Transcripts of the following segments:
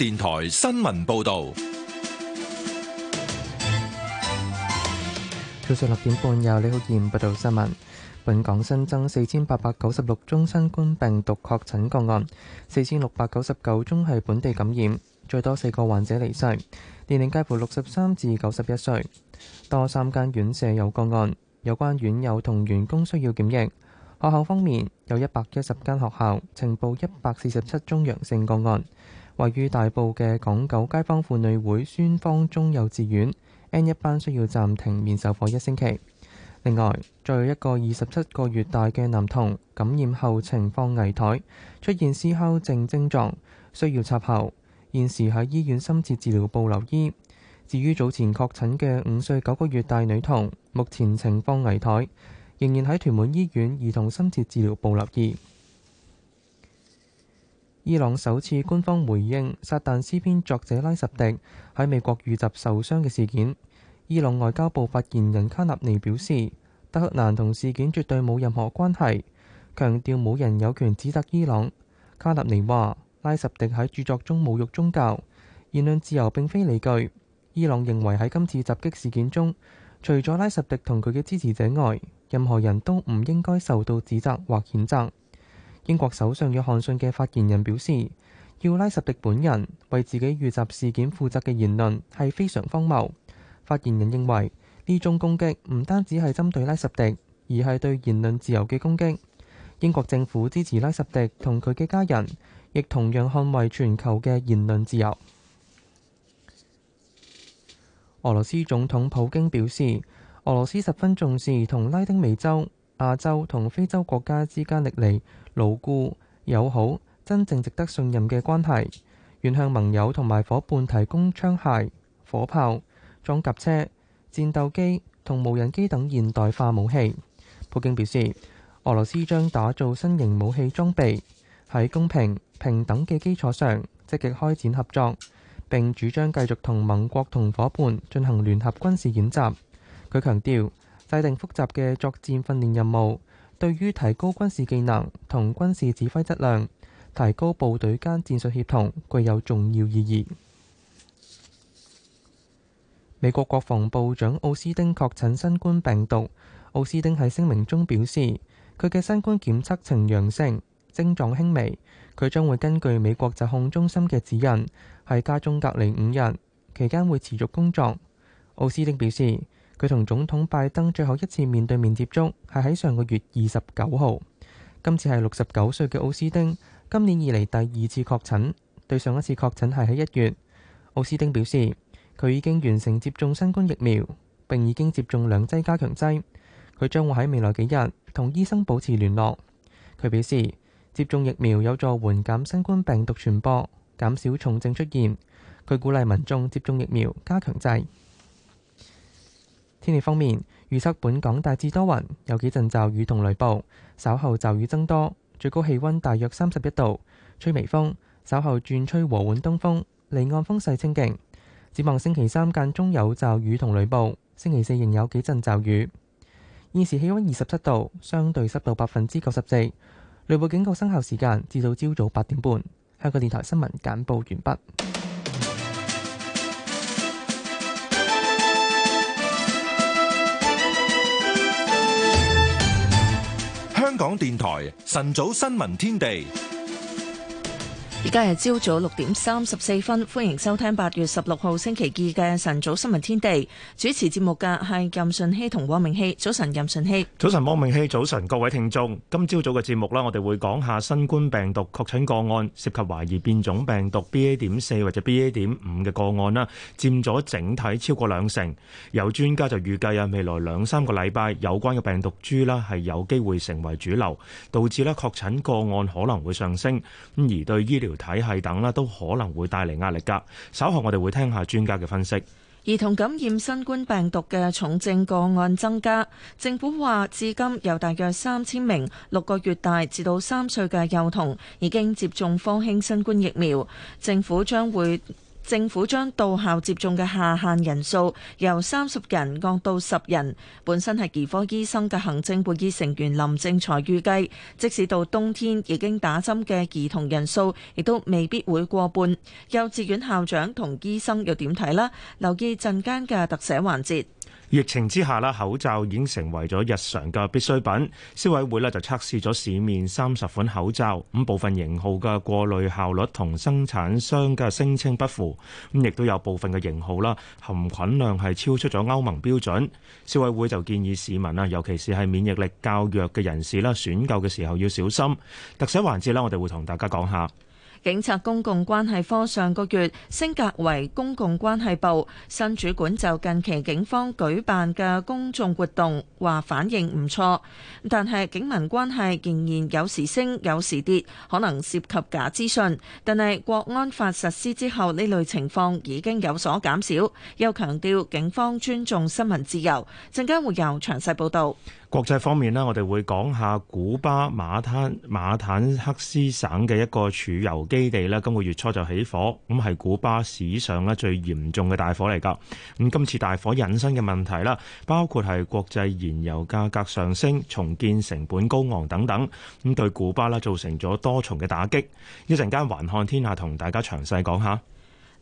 電台新聞報道，早上六點半有李浩健報道新聞。本港新增四千八百九十六宗新冠病毒確診個案，四千六百九十九宗係本地感染，最多四個患者離世，年齡介乎六十三至九十一歲，多三間院舍有個案，有關院友同員工需要檢疫。學校方面有一百一十間學校呈報一百四十七宗陽性個案。位於大埔嘅港九街坊婦女會孫方中幼稚園 N 一班需要暫停面授課一星期。另外，再有一個二十七個月大嘅男童感染後情況危殆，出現思考症症狀，需要插喉，現時喺醫院深切治療部留醫。至於早前確診嘅五歲九個月大女童，目前情況危殆，仍然喺屯門醫院兒童深切治療部留醫。伊朗首次官方回應《撒旦詩篇》作者拉什迪喺美國遇襲受傷嘅事件。伊朗外交部發言人卡納尼表示，德黑蘭同事件絕對冇任何關係，強調冇人有權指責伊朗。卡納尼話，拉什迪喺著作中侮辱宗教，言論自由並非理據。伊朗認為喺今次襲擊事件中，除咗拉什迪同佢嘅支持者外，任何人都唔應該受到指責或譴責。英國首相約翰遜嘅發言人表示，要拉什迪本人為自己遇襲事件負責嘅言論係非常荒謬。發言人認為呢宗攻擊唔單止係針對拉什迪，而係對言論自由嘅攻擊。英國政府支持拉什迪同佢嘅家人，亦同樣捍衞全球嘅言論自由。俄羅斯總統普京表示，俄羅斯十分重視同拉丁美洲、亞洲同非洲國家之間歷嚟牢固、友好、真正值得信任嘅關係，願向盟友同埋夥伴提供槍械、火炮、裝甲車、戰鬥機同無人機等現代化武器。普京表示，俄羅斯將打造新型武器裝備，喺公平平等嘅基礎上積極開展合作，並主張繼續同盟國同夥伴進行聯合軍事演習。佢強調，制定複雜嘅作戰訓練任務。對於提高軍事技能同軍事指揮質量、提高部隊間戰術協同，具有重要意義。美國國防部長奧斯丁確診新冠病毒。奧斯丁喺聲明中表示，佢嘅新冠檢測呈陽性，症狀輕微，佢將會根據美國疾控中心嘅指引，喺家中隔離五日，期間會持續工作。奧斯丁表示，佢同總統拜登最後一次面對面接觸係喺上個月二十九號。今次係六十九歲嘅奧斯丁今年以嚟第二次確診，對上一次確診係喺一月。奧斯丁表示，佢已經完成接種新冠疫苗，並已經接種兩劑加強劑。佢將會喺未來幾日同醫生保持聯絡。佢表示，接種疫苗有助緩減新冠病毒傳播，減少重症出現。佢鼓勵民眾接種疫苗加強劑。天氣方面，預測本港大致多雲，有幾陣驟雨同雷暴，稍後驟雨增多，最高氣溫大約三十一度，吹微風，稍後轉吹和緩東風，離岸風勢清勁。展望星期三間中有驟雨同雷暴，星期四仍有幾陣驟雨。現時氣溫二十七度，相對濕度百分之九十四，雷暴警告生效時間至到朝早八點半。香港電台新聞簡報完畢。港電台晨早新聞天地。而家係朝早六點三十四分，歡迎收聽八月十六號星期二嘅晨早新聞天地。主持節目嘅係任順熙同汪明熙。早晨，任順熙。早晨，汪明熙。早晨，各位聽眾，今朝早嘅節目呢，我哋會講下新冠病毒確診個案涉及懷疑變種病毒 BA 點四或者 BA 點五嘅個案啦，佔咗整體超過兩成。有專家就預計啊，未來兩三個禮拜有關嘅病毒株啦，係有機會成為主流，導致咧確診個案可能會上升。咁而對醫療。體系等啦，都可能會帶嚟壓力㗎。稍後我哋會聽下專家嘅分析。兒童感染新冠病毒嘅重症個案增加，政府話至今有大約三千名六個月大至到三歲嘅幼童已經接種科興新冠疫苗，政府將會。政府將到校接種嘅下限人數由三十人降到十人。本身係兒科醫生嘅行政會議成員林正財預計，即使到冬天已經打針嘅兒童人數，亦都未必會過半。幼稚園校長同醫生又點睇咧？留意陣間嘅特寫環節。疫情之下啦，口罩已經成為咗日常嘅必需品。消委會咧就測試咗市面三十款口罩，咁部分型號嘅過濾效率同生產商嘅聲稱不符，咁亦都有部分嘅型號啦，含菌量係超出咗歐盟標準。消委會就建議市民啊，尤其是係免疫力較弱嘅人士啦，選購嘅時候要小心。特寫環節啦，我哋會同大家講下。警察公共關係科上個月升格為公共關係部，新主管就近期警方舉辦嘅公眾活動話反應唔錯，但係警民關係仍然有時升有時跌，可能涉及假資訊。但係國安法實施之後，呢類情況已經有所減少，又強調警方尊重新聞自由，陣間會有詳細報導。國際方面咧，我哋會講下古巴馬坦馬坦克斯省嘅一個儲油基地咧，今個月初就起火，咁係古巴史上咧最嚴重嘅大火嚟噶。咁今次大火引申嘅問題啦，包括係國際燃油價格上升，重建成本高昂等等，咁對古巴啦造成咗多重嘅打擊。一陣間環看天下同大家詳細講下。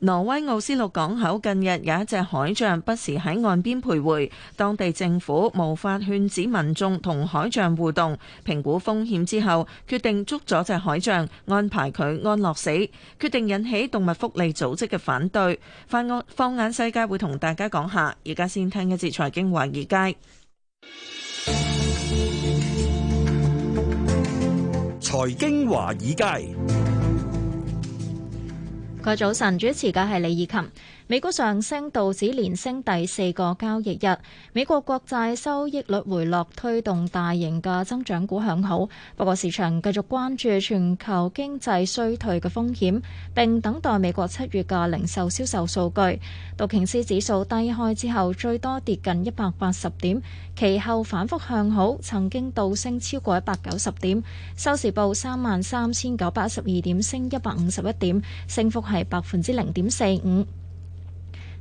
挪威奧斯陸港口近日有一隻海象不時喺岸邊徘徊，當地政府無法勸止民眾同海象互動，評估風險之後決定捉咗隻海象，安排佢安樂死，決定引起動物福利組織嘅反對。翻案放眼世界，會同大家講下。而家先聽一節財經華爾街。財經華爾街。各位早晨，主持嘅係李以琴。美股上升，道指連升第四個交易日。美國國債收益率回落，推動大型嘅增長股向好。不過市場繼續關注全球經濟衰退嘅風險，並等待美國七月嘅零售銷售數據。道瓊斯指數低開之後，最多跌近一百八十點，其後反覆向好，曾經倒升超過一百九十點。收市報三萬三千九百十二點，升一百五十一點，升幅係百分之零點四五。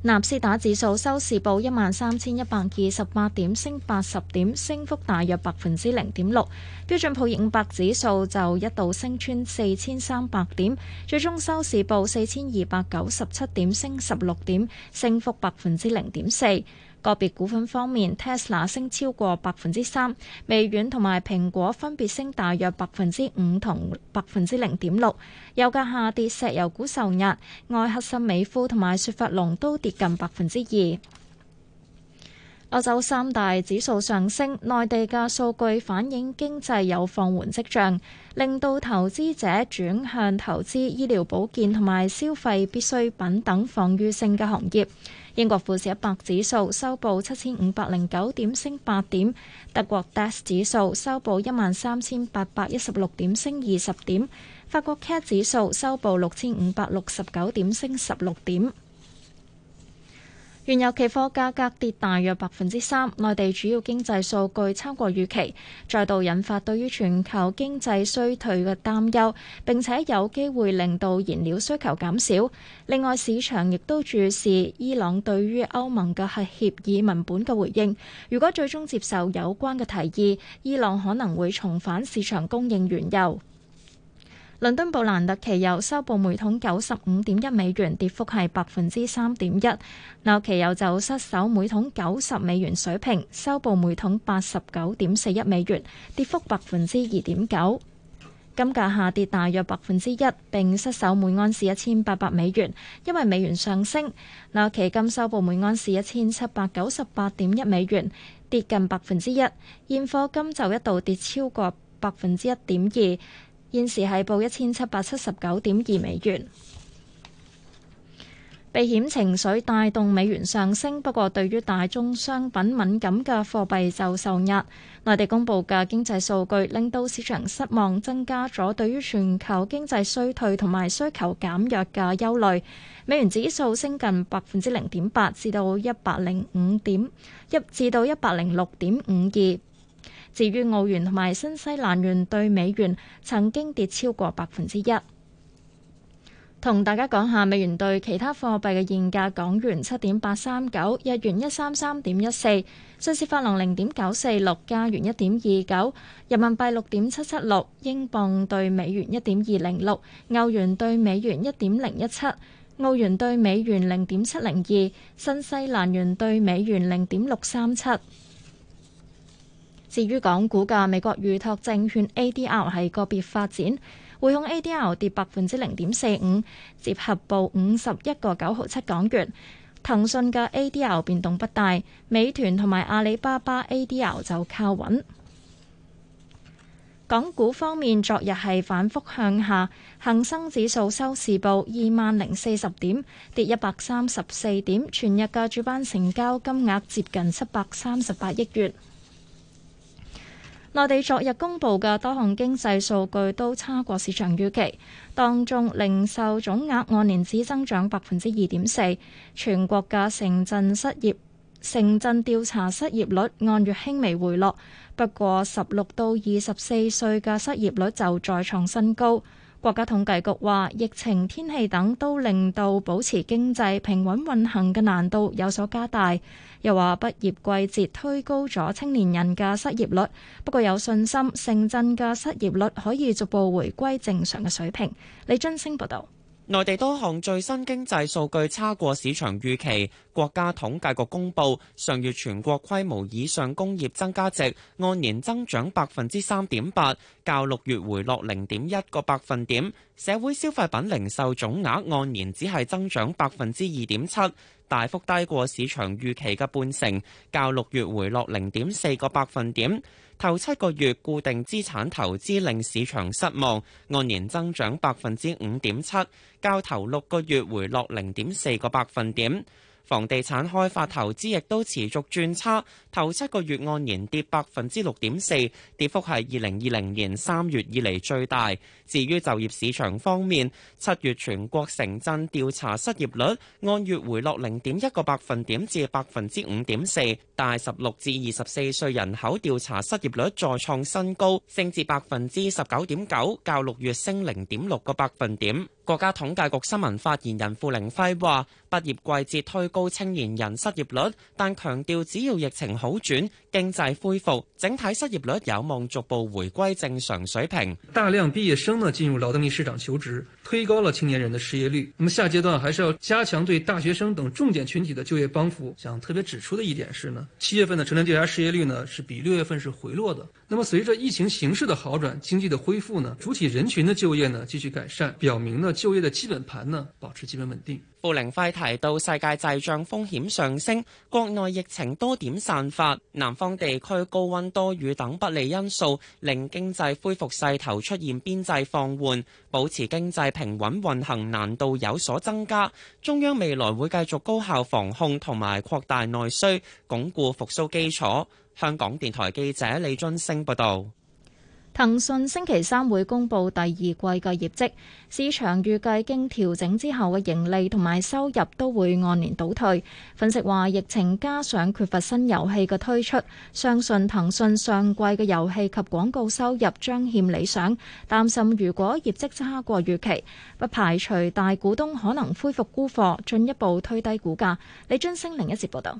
納斯達指數收市報一萬三千一百二十八點，升八十點，升幅大約百分之零點六。標準普爾五百指數就一度升穿四千三百點，最終收市報四千二百九十七點，升十六點，升幅百分之零點四。個別股份方面，Tesla 升超過百分之三，微軟同埋蘋果分別升大約百分之五同百分之零點六。油價下跌，石油股受壓，愛克森美孚同埋雪佛龍都跌近百分之二。歐洲三大指數上升，內地嘅數據反映經濟有放緩迹象，令到投資者轉向投資醫療保健同埋消費必需品等防御性嘅行業。英國富時一百指數收報七千五百零九點，升八點。德國 DAX 指數收報一萬三千八百一十六點，升二十點。法國 CAC 指數收報六千五百六十九點，升十六點。原油期貨價格跌大約百分之三，內地主要經濟數據差過預期，再度引發對於全球經濟衰退嘅擔憂，并且有機會令到燃料需求減少。另外，市場亦都注視伊朗對於歐盟嘅核協議文本嘅回應，如果最終接受有關嘅提議，伊朗可能會重返市場供應原油。倫敦布蘭特期油收報每桶九十五點一美元，跌幅係百分之三點一。紐期油就失守每桶九十美元水平，收報每桶八十九點四一美元，跌幅百分之二點九。金價下跌大約百分之一，並失守每安士一千八百美元，因為美元上升。紐期金收報每安士一千七百九十八點一美元，跌近百分之一。現貨金就一度跌超過百分之一點二。現時係報一千七百七十九點二美元，避險情緒帶動美元上升。不過，對於大宗商品敏感嘅貨幣就受壓。內地公布嘅經濟數據令到市場失望，增加咗對於全球經濟衰退同埋需求減弱嘅憂慮。美元指數升近百分之零點八，至到一百零五點一，至到一百零六點五二。至於澳元同埋新西蘭元對美元曾經跌超過百分之一，同大家講下美元對其他貨幣嘅現價：港元七點八三九，日元一三三點一四，瑞士法郎零點九四六，加元一點二九，人民幣六點七七六，英鎊對美元一點二零六，歐元對美元一點零一七，澳元對美元零點七零二，新西蘭元對美元零點六三七。至於港股嘅美國預託證券 ADR 係個別發展，匯控 ADR 跌百分之零點四五，折合報五十一個九毫七港元。騰訊嘅 ADR 變動不大，美團同埋阿里巴巴 ADR 就靠穩。港股方面，昨日係反覆向下，恒生指數收市報二萬零四十點，跌一百三十四點。全日嘅主板成交金額接近七百三十八億元。內地昨日公布嘅多項經濟數據都差過市場預期，當中零售總額按年只增長百分之二點四，全國嘅城鎮失業、城鎮調查失業率按月輕微回落，不過十六到二十四歲嘅失業率就再創新高。國家統計局話，疫情、天氣等都令到保持經濟平穩運行嘅難度有所加大。又話畢業季節推高咗青年人嘅失業率，不過有信心，城鎮嘅失業率可以逐步回歸正常嘅水平。李津升報道。內地多項最新經濟數據差過市場預期。國家統計局公佈，上月全國規模以上工業增加值按年增長百分之三點八，較六月回落零點一個百分點。社會消費品零售總額按年只係增長百分之二點七，大幅低過市場預期嘅半成，較六月回落零點四個百分點。頭七個月固定資產投資令市場失望，按年增長百分之五點七，較頭六個月回落零點四個百分點。房地產開發投資亦都持續轉差，頭七個月按年跌百分之六點四，跌幅係二零二零年三月以嚟最大。至於就業市場方面，七月全國城鎮調查失業率按月回落零點一個百分點至百分之五點四，但十六至二十四歲人口調查失業率再創新高，升至百分之十九點九，較六月升零點六個百分點。國家統計局新聞發言人付凌暉話：，畢業季節推高青年人失業率，但強調只要疫情好轉、經濟恢復，整體失業率有望逐步回歸正常水平。大量畢業生呢進入勞動力市場求職，推高了青年人的失業率。那麼下階段還是要加強對大學生等重點群體的就業幫扶。想特別指出的一點是呢，七月份的城鎮調查失業率呢是比六月份是回落的。那麼隨着疫情形勢的好轉，經濟的恢復呢，主體人群的就業呢繼續改善，表明呢就業的基本盤呢保持基本穩定。傅靈輝提到，世界滯脹風險上升，國內疫情多點散發，南方地區高溫多雨等不利因素，令經濟恢復勢頭出現邊際放緩，保持經濟平穩運行難度有所增加。中央未來會繼續高效防控同埋擴大內需，鞏固復蘇基礎。香港電台記者李津升報道，騰訊星期三會公布第二季嘅業績，市場預計經調整之後嘅盈利同埋收入都會按年倒退。分析話，疫情加上缺乏新遊戲嘅推出，相信騰訊上季嘅遊戲及廣告收入將欠理想。擔心如果業績差過預期，不排除大股東可能恢復沽貨，進一步推低股價。李津升另一節報道。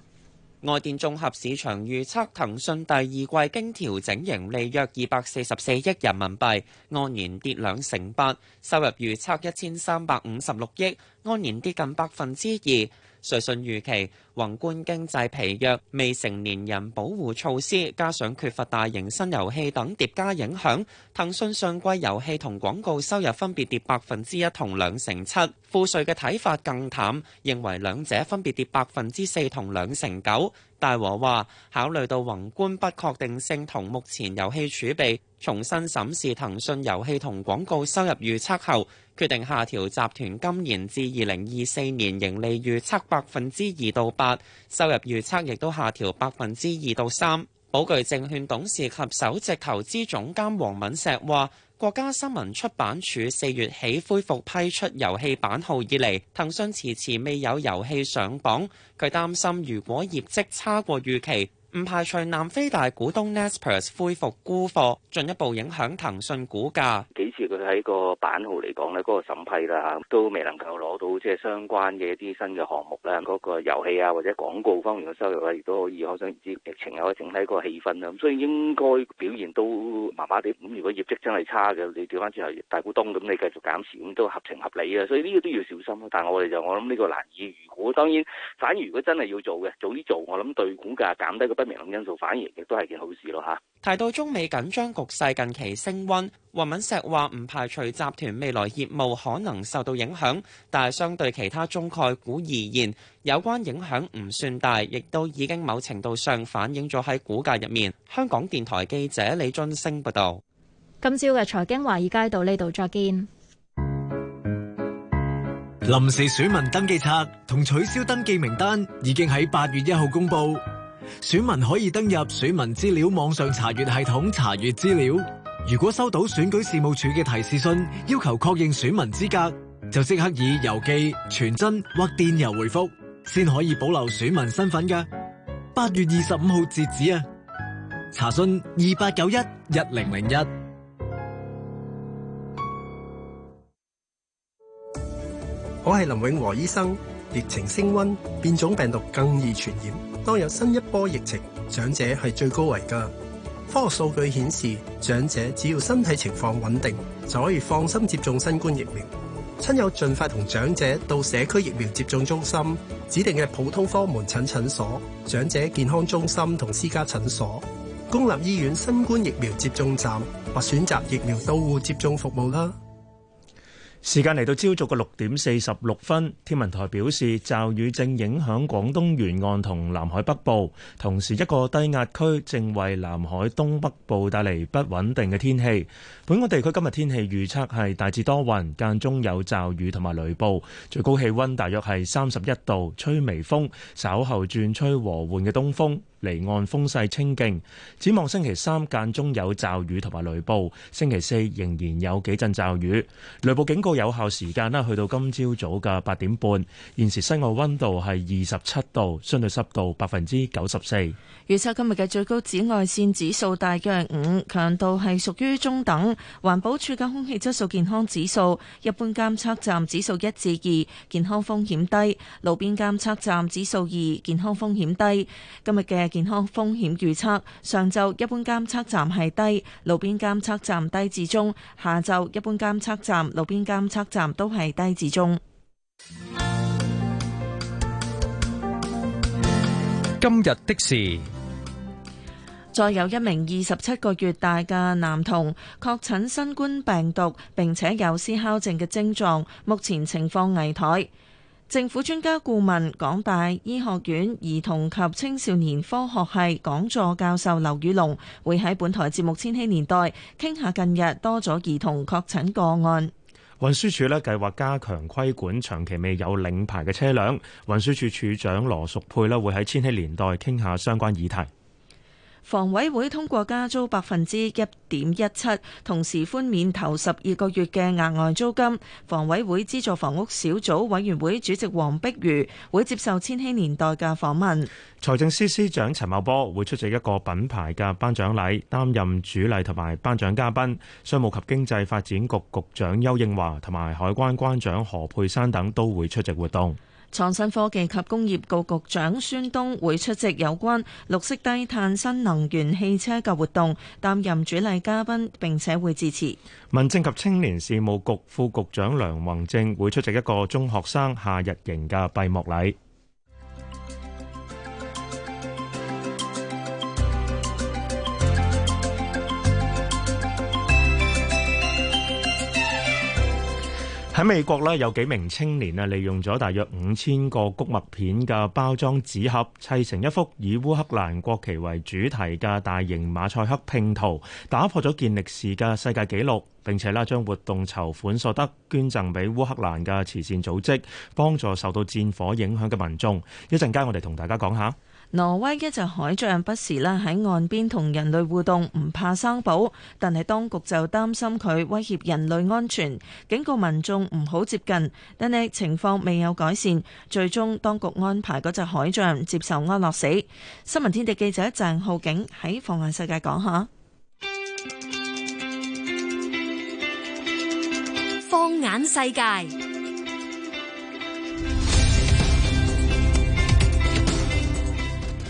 外電綜合市場預測，騰訊第二季經調整盈利約二百四十四億人民幣，按年跌兩成八，收入預測一千三百五十六億，按年跌近百分之二。瑞信預期，宏觀經濟疲弱、未成年人保護措施，加上缺乏大型新遊戲等疊加影響，騰訊上季遊戲同廣告收入分別跌百分之一同兩成七。富瑞嘅睇法更淡，認為兩者分別跌百分之四同兩成九。大和話考慮到宏觀不確定性同目前遊戲儲備，重新審視騰訊遊戲同廣告收入預測後，決定下調集團今年至二零二四年盈利預測百分之二到八。收入預測亦都下調百分之二到三。寶具證券董事及首席投資總監黃敏石，話國家新聞出版署四月起恢復批出遊戲版號以。以嚟，騰訊遲遲未有遊戲上榜。佢擔心如果業績差過預期，唔排除南非大股東 Naspers 恢復沽貨，進一步影響騰訊股價。喺個版號嚟講咧，嗰個審批啦嚇，都未能夠攞到即係相關嘅一啲新嘅項目啦。嗰個遊戲啊或者廣告方面嘅收入啊，亦都可以可想而知，疫情啊整體個氣氛啦。咁所以應該表現都麻麻地。咁如果業績真係差嘅，你調翻之後，大股東咁你繼續減持，咁都合情合理啊。所以呢個都要小心。但係我哋就我諗呢個難以如果當然，反而如果真係要做嘅，早啲做，我諗對股價減低嘅不明朗因素，反而亦都係件好事咯嚇。啊。提到中美緊張局勢近期升温，黃敏石話唔排除集團未來業務可能受到影響，但係相對其他中概股而言，有關影響唔算大，亦都已經某程度上反映咗喺股價入面。香港電台記者李俊升報道。今朝嘅財經華爾街到呢度再見。臨時選民登記冊同取消登記名單已經喺八月一號公布。選民可以登入選民資料網上查閱系統查閱資料。如果收到選舉事務處嘅提示信，要求確認選民資格，就即刻以郵寄、傳真或電郵回覆，先可以保留選民身份㗎。八月二十五號截止啊！查詢二八九一一零零一。我係林永和醫生。疫情升温，變種病毒更易傳染。當有新一波疫情，長者係最高危㗎。科學數據顯示，長者只要身體情況穩定，就可以放心接種新冠疫苗。親友盡快同長者到社區疫苗接種中心、指定嘅普通科門診診所、長者健康中心同私家診所、公立醫院新冠疫苗接種站或選擇疫苗到戶接種服務啦。時間嚟到朝早嘅六點四十六分，天文台表示，驟雨正影響廣東沿岸同南海北部，同時一個低壓區正為南海東北部帶嚟不穩定嘅天氣。本港地區今日天氣預測係大致多雲，間中有驟雨同埋雷暴，最高氣溫大約係三十一度，吹微風，稍後轉吹和緩嘅東風。離岸風勢清勁，展望星期三間中有驟雨同埋雷暴，星期四仍然有幾陣驟雨，雷暴警告有效時間咧去到今朝早嘅八點半。現時室外溫度係二十七度，相對濕度百分之九十四。預測今日嘅最高紫外線指數大約五，強度係屬於中等。環保署嘅空氣質素健康指數，一般監測站指數一至二，健康風險低；路邊監測站指數二，健康風險低。今日嘅健康風險預測：上晝一般監測站係低，路邊監測站低至中；下晝一般監測站、路邊監測站都係低至中。今日的事，再有一名二十七個月大嘅男童確診新冠病毒，並且有思考症嘅症狀，目前情況危殆。政府專家顧問、港大醫學院兒童及青少年科學系講座教授劉宇龍會喺本台節目《千禧年代》傾下近日多咗兒童確診個案。運輸署咧計劃加強規管長期未有領牌嘅車輛。運輸署署長羅淑佩咧會喺《千禧年代》傾下相關議題。房委會通過加租百分之一點一七，同時寬免頭十二個月嘅額外租金。房委會資助房屋小組委員會主席黃碧如會接受千禧年代嘅訪問。財政司司長陳茂波會出席一個品牌嘅頒獎禮，擔任主禮同埋頒獎嘉賓。商務及經濟發展局局長邱應華同埋海關關長何佩珊等都會出席活動。創新科技及工業局局長孫東會出席有關綠色低碳新能源汽車嘅活動，擔任主禮嘉賓，並且會致辭。民政及青年事務局副，副局長梁宏正會出席一個中學生夏日營嘅閉幕禮。喺美國咧，有幾名青年啊，利用咗大約五千個谷物片嘅包裝紙盒砌成一幅以烏克蘭國旗為主題嘅大型馬賽克拼圖，打破咗健力士嘅世界紀錄，並且咧將活動籌款所得捐贈俾烏克蘭嘅慈善組織，幫助受到戰火影響嘅民眾。一陣間我哋同大家講下。挪威一隻海象不時咧喺岸邊同人類互動，唔怕生保，但係當局就擔心佢威脅人類安全，警告民眾唔好接近。但係情況未有改善，最終當局安排嗰隻海象接受安樂死。新聞天地記者鄭浩景喺放眼世界講下。放眼世界。說說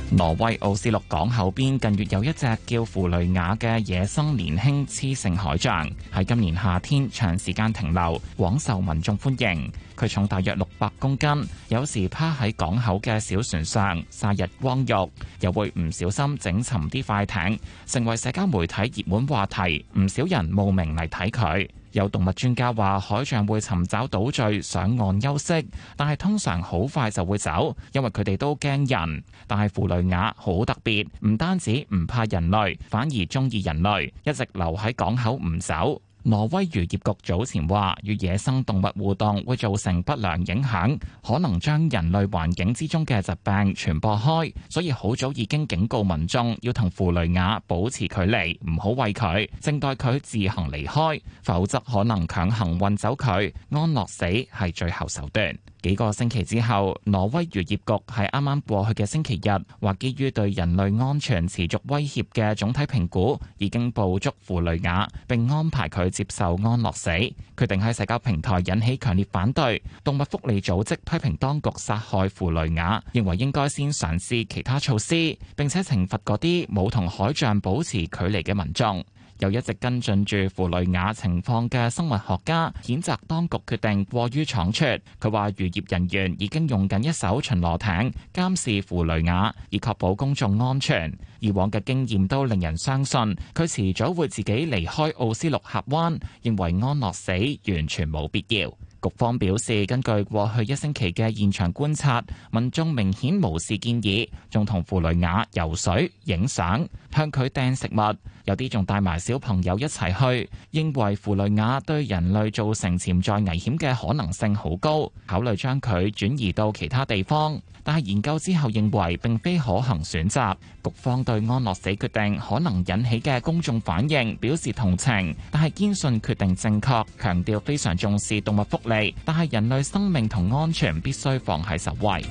挪威奧斯陸港口邊，近月有一隻叫芙雷雅嘅野生年輕雌性海象，喺今年夏天長時間停留，廣受民眾歡迎。佢重大約六百公斤，有時趴喺港口嘅小船上曬日光浴，又會唔小心整沉啲快艇，成為社交媒體熱門話題。唔少人慕名嚟睇佢。有動物專家話，海象會尋找島嶼上岸休息，但係通常好快就會走，因為佢哋都驚人。但係弗雷亞好特別，唔單止唔怕人類，反而鍾意人類，一直留喺港口唔走。挪威漁業局早前話，與野生動物互動會造成不良影響，可能將人類環境之中嘅疾病傳播開，所以好早已經警告民眾要同芙蕾雅保持距離，唔好餵佢，靜待佢自行離開，否則可能強行運走佢，安樂死係最後手段。幾個星期之後，挪威漁業局喺啱啱過去嘅星期日，話基於對人類安全持續威脅嘅總體評估，已經捕捉弗雷雅，並安排佢接受安樂死。決定喺社交平台引起強烈反對，動物福利組織批評當局殺害弗雷雅，認為應該先嘗試其他措施，並且懲罰嗰啲冇同海象保持距離嘅民眾。又一直跟進住符雷雅情況嘅生物學家譴責當局決定過於闖出，佢話漁業人員已經用緊一艘巡邏艇監視符雷雅，以確保公眾安全。以往嘅經驗都令人相信佢遲早會自己離開奧斯陸峽灣，認為安樂死完全冇必要。局方表示，根據過去一星期嘅現場觀察，民眾明顯無視建議，仲同符雷雅游水、影相，向佢掟食物。有啲仲帶埋小朋友一齊去，認為芙蕾雅對人類造成潛在危險嘅可能性好高，考慮將佢轉移到其他地方。但係研究之後認為並非可行選擇。局方對安樂死決定可能引起嘅公眾反應表示同情，但係堅信決定正確，強調非常重視動物福利，但係人類生命同安全必須放喺首位。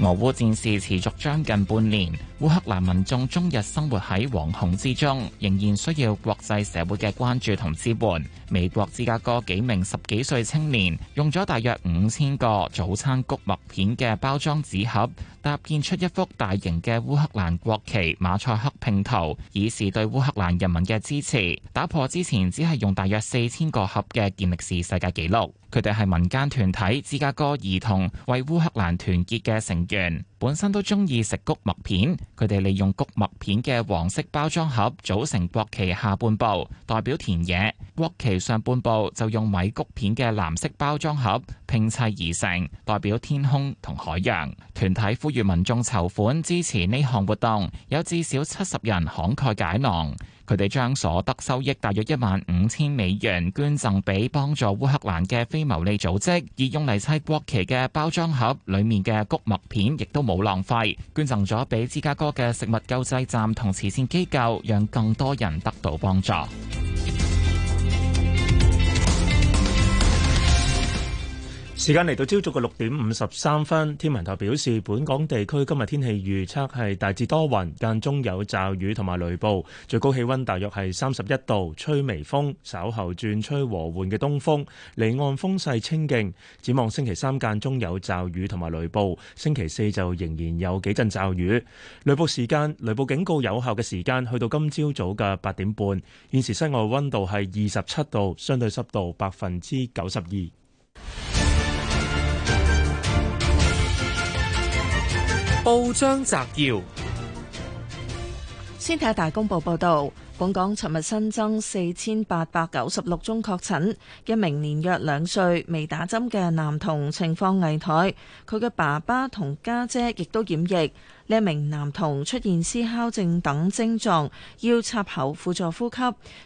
俄烏戰事持續將近半年。烏克蘭民眾終日生活喺惶恐之中，仍然需要國際社會嘅關注同支援。美國芝加哥幾名十幾歲青年用咗大約五千個早餐谷麥片嘅包裝紙盒，搭建出一幅大型嘅烏克蘭國旗馬賽克拼圖，以示對烏克蘭人民嘅支持，打破之前只係用大約四千個盒嘅健力士世界紀錄。佢哋係民間團體芝加哥兒童為烏克蘭團結嘅成員，本身都中意食谷麥片。佢哋利用谷麥片嘅黃色包裝盒組成國旗下半部，代表田野；國旗上半部就用米谷片嘅藍色包裝盒拼砌而成，代表天空同海洋。團體呼籲民眾籌款支持呢項活動，有至少七十人慷慨解囊。佢哋將所得收益大約一萬五千美元捐贈俾幫助烏克蘭嘅非牟利組織，而用嚟砌國旗嘅包裝盒裏面嘅谷麥片亦都冇浪費，捐贈咗俾芝加哥嘅食物救濟站同慈善機構，讓更多人得到幫助。時間嚟到朝早嘅六點五十三分，天文台表示，本港地區今日天氣預測係大致多雲，間中有驟雨同埋雷暴，最高氣溫大約係三十一度，吹微風，稍後轉吹和緩嘅東風，離岸風勢清勁。展望星期三間中有驟雨同埋雷暴，星期四就仍然有幾陣驟雨，雷暴時間、雷暴警告有效嘅時間去到今朝早嘅八點半。現時室外溫度係二十七度，相對濕度百分之九十二。報章摘要，先睇下大公報報道，本港尋日新增四千八百九十六宗確診，一名年約兩歲未打針嘅男童情況危殆，佢嘅爸爸同家姐亦都染疫。呢名男童出現思考症等症狀，要插喉輔助呼吸，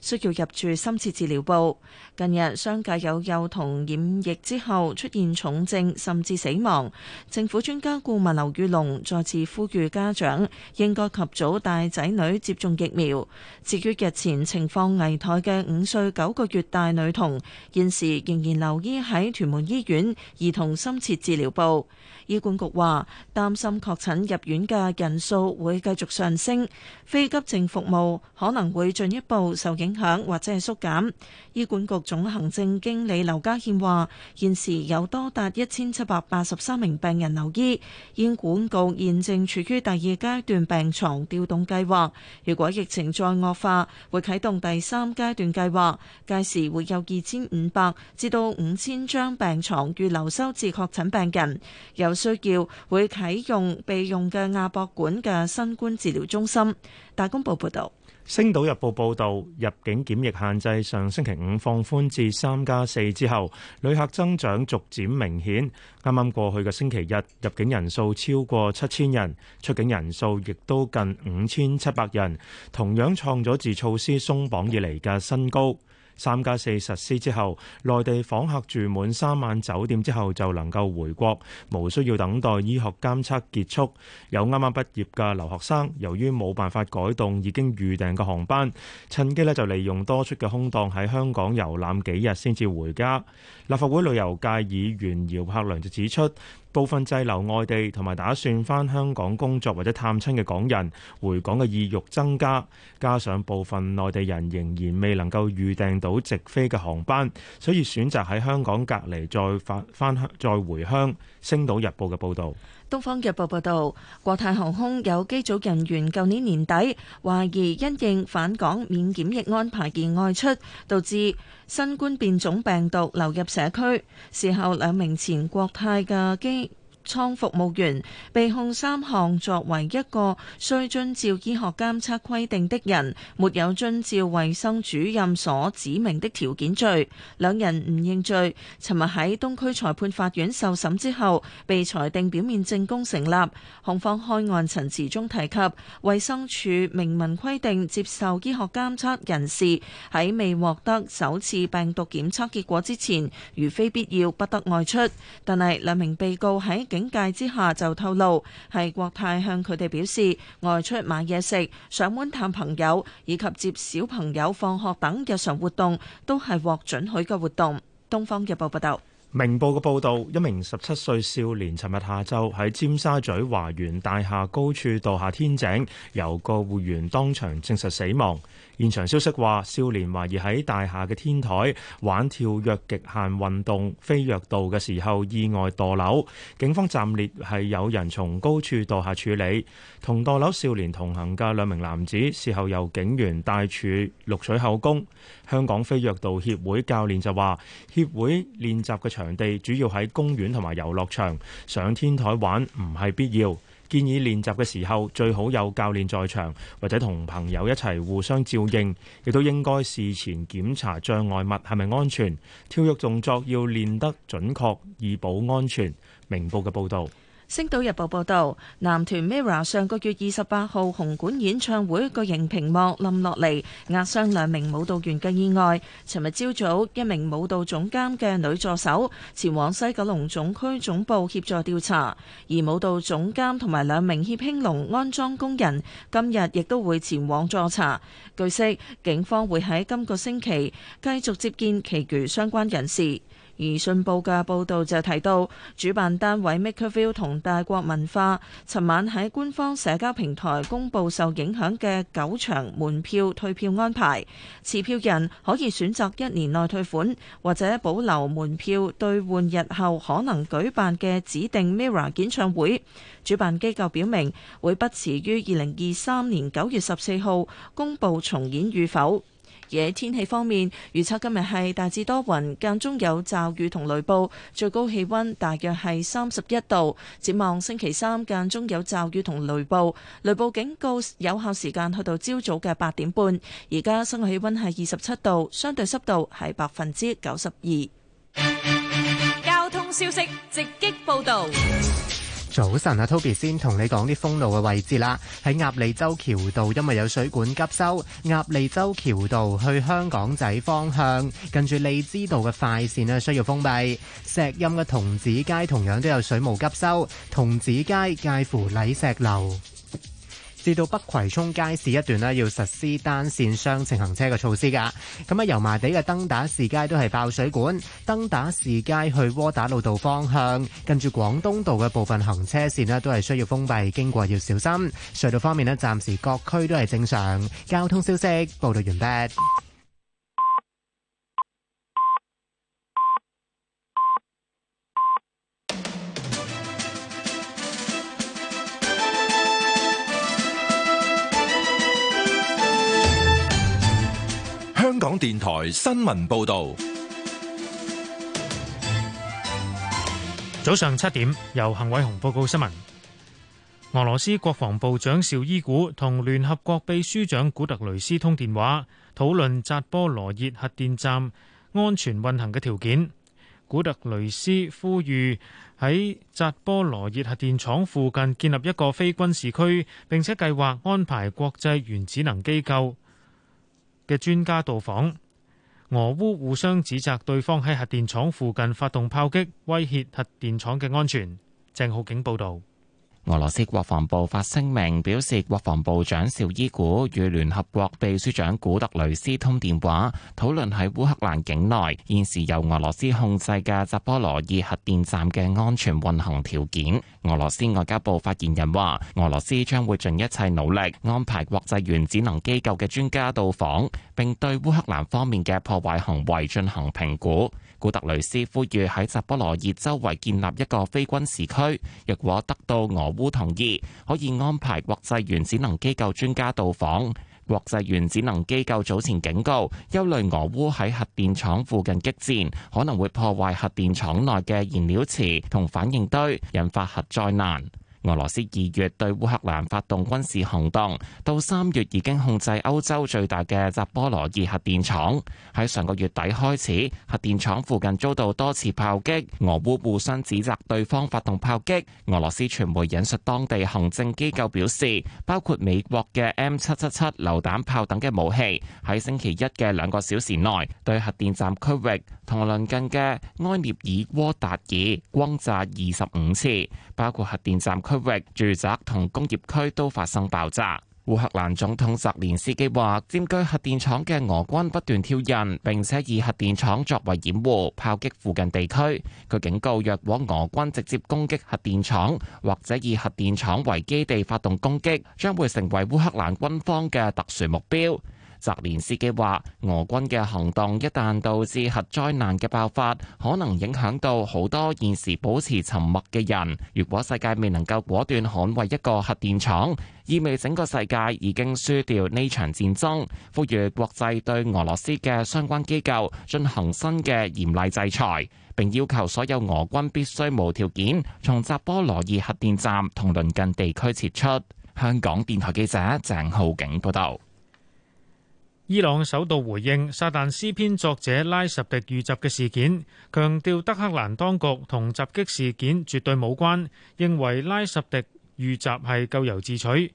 需要入住深切治療部。近日，相繼有幼童染疫之後出現重症，甚至死亡。政府專家顧問劉宇龍再次呼籲家長應該及早帶仔女接種疫苗。至於日前情況危殆嘅五歲九個月大女童，現時仍然留醫喺屯門醫院兒童深切治療部。醫管局話擔心確診入院嘅人數會繼續上升，非急症服務可能會進一步受影響或者係縮減。醫管局總行政經理劉家獻話，現時有多達一千七百八十三名病人留醫，醫管局現正處於第二階段病床調動計劃，如果疫情再惡化，會啟動第三階段計劃，屆時會有二千五百至到五千張病床預留收治確診病人，有需要會啟用備用嘅亞博館嘅新冠治療中心。大公報報道。星島日報報道，入境檢疫限制上星期五放寬至三加四之後，旅客增長逐漸明顯。啱啱過去嘅星期日，入境人數超過七千人，出境人數亦都近五千七百人，同樣創咗自措施鬆綁以嚟嘅新高。三加四實施之後，內地訪客住滿三晚酒店之後，就能夠回國，無需要等待醫學監測結束。有啱啱畢業嘅留學生，由於冇辦法改動已經預訂嘅航班，趁機呢就利用多出嘅空檔喺香港遊覽幾日先至回家。立法會旅遊界議員姚柏良就指出。部分滯留外地同埋打算翻香港工作或者探親嘅港人回港嘅意欲增加，加上部分內地人仍然未能夠預訂到直飛嘅航班，所以選擇喺香港隔離再返翻鄉再回鄉。星島日報嘅報道。東方日報報道，國泰航空有機組人員，舊年年底懷疑因應返港免檢疫安排而外出，導致新冠變種病毒流入社區。事後，兩名前國泰嘅機倉服務員被控三項，作為一個需遵照醫學監測規定的人，沒有遵照衛生主任所指明的條件罪。兩人唔認罪。尋日喺東區裁判法院受審之後，被裁定表面證供成立。控方開案陳詞中提及，衛生署明文規定接受醫學監測人士喺未獲得首次病毒檢測結果之前，如非必要不得外出。但係兩名被告喺警戒之下就透露，係國泰向佢哋表示，外出買嘢食、上門探朋友以及接小朋友放學等日常活動都係獲准許嘅活動。東方日報報道，明報嘅報道，一名十七歲少年尋日下晝喺尖沙咀華園大廈高處墮下天井，由個護員當場證實死亡。現場消息話，少年懷疑喺大廈嘅天台玩跳躍極限運動飛躍道嘅時候意外墮樓。警方暫列係有人從高處墮下處理。同墮樓少年同行嘅兩名男子事後由警員帶署錄取口供。香港飛躍道協會教練就話：協會練習嘅場地主要喺公園同埋遊樂場，上天台玩唔係必要。建議練習嘅時候最好有教練在場，或者同朋友一齊互相照應，亦都應該事前檢查障礙物係咪安全。跳躍動作要練得準確，以保安全。明報嘅報導。星島日報報導，男團 MIRROR 上個月二十八號紅館演唱會個熒屏幕冧落嚟，壓傷兩名舞蹈員嘅意外。尋日朝早，一名舞蹈總監嘅女助手前往西九龍總區總部協助調查，而舞蹈總監同埋兩名協興隆安裝工人今日亦都會前往助查。據悉，警方會喺今個星期繼續接見其餘相關人士。而《信報》嘅報導就提到，主辦單位 MakerVille 同大國文化，尋晚喺官方社交平台公布受影響嘅九場門票退票安排，持票人可以選擇一年內退款，或者保留門票兌換日後可能舉辦嘅指定 MIRROR 演唱會。主辦機構表明會不遲於二零二三年九月十四號公佈重演與否。而喺天氣方面，預測今日係大致多雲，間中有驟雨同雷暴，最高氣溫大約係三十一度。展望星期三，間中有驟雨同雷暴，雷暴警告有效時間去到朝早嘅八點半。而家室外氣溫係二十七度，相對濕度係百分之九十二。交通消息直擊報道。早晨啊，Toby 先同你講啲封路嘅位置啦。喺鴨脷洲橋道，因為有水管急修，鴨脷洲橋道去香港仔方向，近住荔枝道嘅快綫咧需要封閉。石蔭嘅童子街同樣都有水務急修，童子街介乎禮石樓，至到北葵涌街市一段咧，要實施單線雙程行車嘅措施噶，咁啊，油麻地嘅登打士街都係爆水管，登打士街去窩打老道方向，跟住廣東道嘅部分行車線咧，都係需要封閉，經過要小心。隧道方面咧，暫時各區都係正常。交通消息報道完畢。香港電台新聞報道，早上七點由幸偉雄報告新聞。俄羅斯國防部長紹伊古同聯合國秘書長古特雷斯通電話，討論扎波羅熱核電站安全運行嘅條件。古特雷斯呼籲喺扎波羅熱核電廠附近建立一個非軍事區，並且計劃安排國際原子能機構嘅專家到訪，俄烏互相指責對方喺核電廠附近發動炮擊，威脅核電廠嘅安全。鄭浩景報導。俄羅斯國防部發聲明表示，國防部長紹伊古與聯合國秘書長古特雷斯通電話，討論喺烏克蘭境內現時由俄羅斯控制嘅扎波羅熱核電站嘅安全運行條件。俄羅斯外交部發言人話，俄羅斯將會盡一切努力安排國際原子能機構嘅專家到訪，並對烏克蘭方面嘅破壞行為進行評估。古特雷斯呼籲喺扎波羅熱周圍建立一個非軍事區，若果得到俄烏同意，可以安排國際原子能機構專家到訪。國際原子能機構早前警告，憂慮俄烏喺核電廠附近激戰，可能會破壞核電廠內嘅燃料池同反應堆，引發核災難。俄羅斯二月對烏克蘭發動軍事行動，到三月已經控制歐洲最大嘅扎波羅熱核電廠。喺上個月底開始，核電廠附近遭到多次炮擊，俄烏互相指責對方發動炮擊。俄羅斯傳媒引述當地行政機構表示，包括美國嘅 M777 榴彈炮等嘅武器，喺星期一嘅兩個小時內對核電站區域同鄰近嘅埃涅爾沃達爾轟炸二十五次，包括核電站區域、住宅同工業區都發生爆炸。烏克蘭總統澤連斯基話，佔據核電廠嘅俄軍不斷挑釁，並且以核電廠作為掩護，炮擊附近地區。佢警告，若果俄軍直接攻擊核電廠，或者以核電廠為基地發動攻擊，將會成為烏克蘭軍方嘅特殊目標。澤連斯基話,伊朗首度回應《撒旦詩篇》作者拉什迪遇襲嘅事件，強調德黑蘭當局同襲擊事件絕對冇關，認為拉什迪遇襲係咎由自取。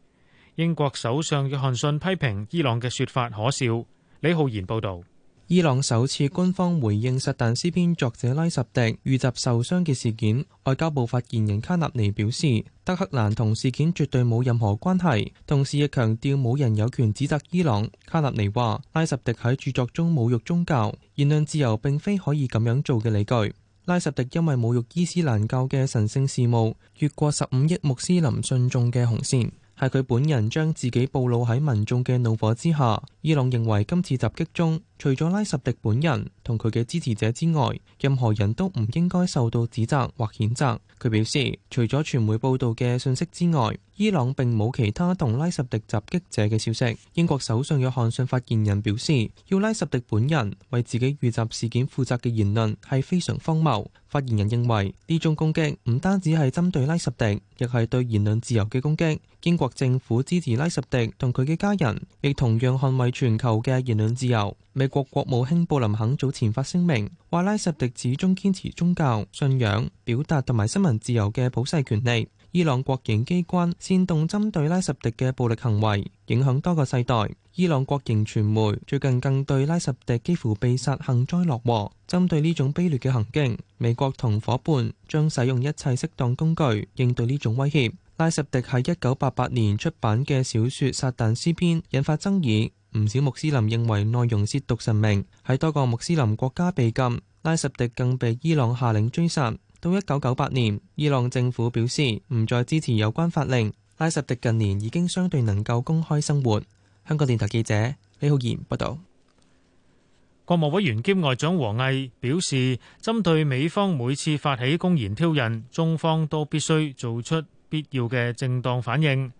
英國首相約翰遜批評伊朗嘅說法可笑。李浩然報道。伊朗首次官方回應《撒旦詩篇》作者拉什迪，迪遇襲受傷嘅事件，外交部發言人卡納尼表示，德黑蘭同事件絕對冇任何關係，同時亦強調冇人有權指責伊朗。卡納尼話，拉什迪喺著作中侮辱宗教，言論自由並非可以咁樣做嘅理據。拉什迪因為侮辱伊斯蘭教嘅神聖事務，越過十五億穆斯林信眾嘅紅線。係佢本人將自己暴露喺民眾嘅怒火之下。伊朗認為今次襲擊中，除咗拉什迪本人同佢嘅支持者之外，任何人都唔應該受到指責或譴責。佢表示，除咗傳媒報導嘅信息之外，伊朗並冇其他同拉什迪襲擊者嘅消息。英國首相約翰遜發言人表示，要拉什迪本人為自己遇襲事件負責嘅言論係非常荒謬。發言人認為呢種攻擊唔單止係針對拉什迪，亦係對言論自由嘅攻擊。英國政府支持拉什迪同佢嘅家人，亦同樣捍衛全球嘅言論自由。美國國務卿布林肯早前發聲明，話拉什迪始終堅持宗教、信仰、表達同埋新聞自由嘅普世權利。伊朗國營機關煽動針對拉什迪嘅暴力行為，影響多個世代。伊朗國營傳媒最近更對拉什迪幾乎被殺幸災樂禍。針對呢種卑劣嘅行徑，美國同夥伴將使用一切適當工具應對呢種威脅。拉什迪喺一九八八年出版嘅小說《撒旦詩篇》引發爭議，唔少穆斯林認為內容褻瀆神明，喺多個穆斯林國家被禁。拉什迪更被伊朗下令追殺。到一九九八年，伊朗政府表示唔再支持有關法令。拉什迪近年已經相對能夠公開生活。香港電台記者李浩然報道。國務委員兼外長王毅表示，針對美方每次發起公然挑釁，中方都必須做出。必要嘅正當反應。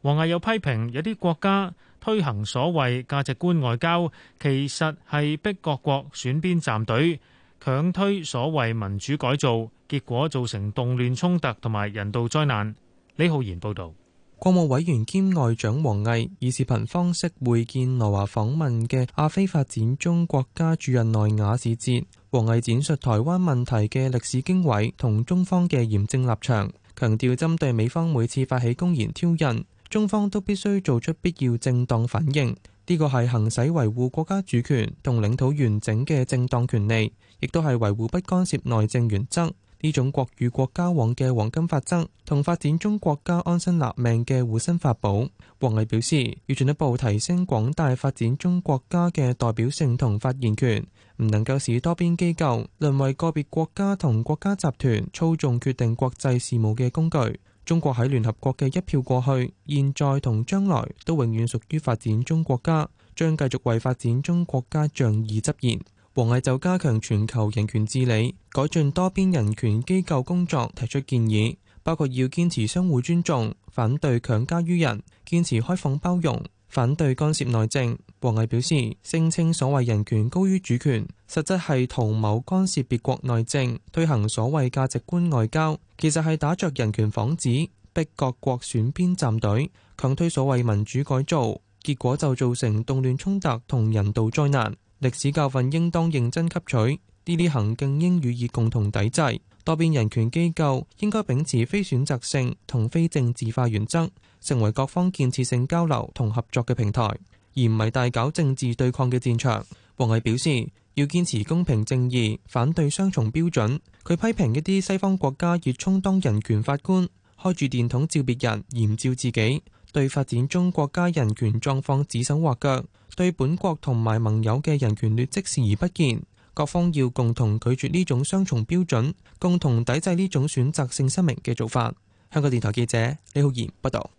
王毅又批評有啲國家推行所謂價值觀外交。其實係逼各國選邊站隊，強推所謂民主改造，結果造成動亂衝突同埋人道災難。李浩然報道。國務委員兼外長王毅以視頻方式會見來華訪問嘅亞非發展中國家駐日內瓦使節，王毅展述台灣問題嘅歷史經緯同中方嘅嚴正立場，強調針對美方每次發起公然挑釁，中方都必須做出必要正當反應。呢個係行使維護國家主權同領土完整嘅正當權利，亦都係維護不干涉內政原則呢種國與國交往嘅黃金法則同發展中國家安身立命嘅護身法寶。王毅表示，要進一步提升廣大發展中國家嘅代表性同發言權。唔能夠使多邊機構淪為個別國家同國家集團操縱決定國際事務嘅工具。中國喺聯合國嘅一票過去，現在同將來都永遠屬於發展中國家，將繼續為發展中國家仗義執言。王毅就加強全球人權治理，改進多邊人權機構工作，提出建議，包括要堅持相互尊重，反對強加於人，堅持開放包容。反對干涉內政，王毅表示，聲稱所謂人權高於主權，實質係圖謀干涉別國內政，推行所謂價值觀外交，其實，係打着人權幌子，逼各國選邊站隊，強推所謂民主改造，結果就造成動亂衝突同人道災難。歷史教訓應當認真吸取，呢啲行徑應予以共同抵制。多邊人權機構應該秉持非選擇性同非政治化原則。成為各方建設性交流同合作嘅平台，而唔係大搞政治對抗嘅戰場。王毅表示，要堅持公平正義，反對雙重標準。佢批評一啲西方國家熱衷當人權法官，開住電筒照別人，嚴照自己，對發展中國家人權狀況指手畫腳，對本國同埋盟友嘅人權劣跡視而不見。各方要共同拒絕呢種雙重標準，共同抵制呢種選擇性失明嘅做法。香港電台記者李浩然報道。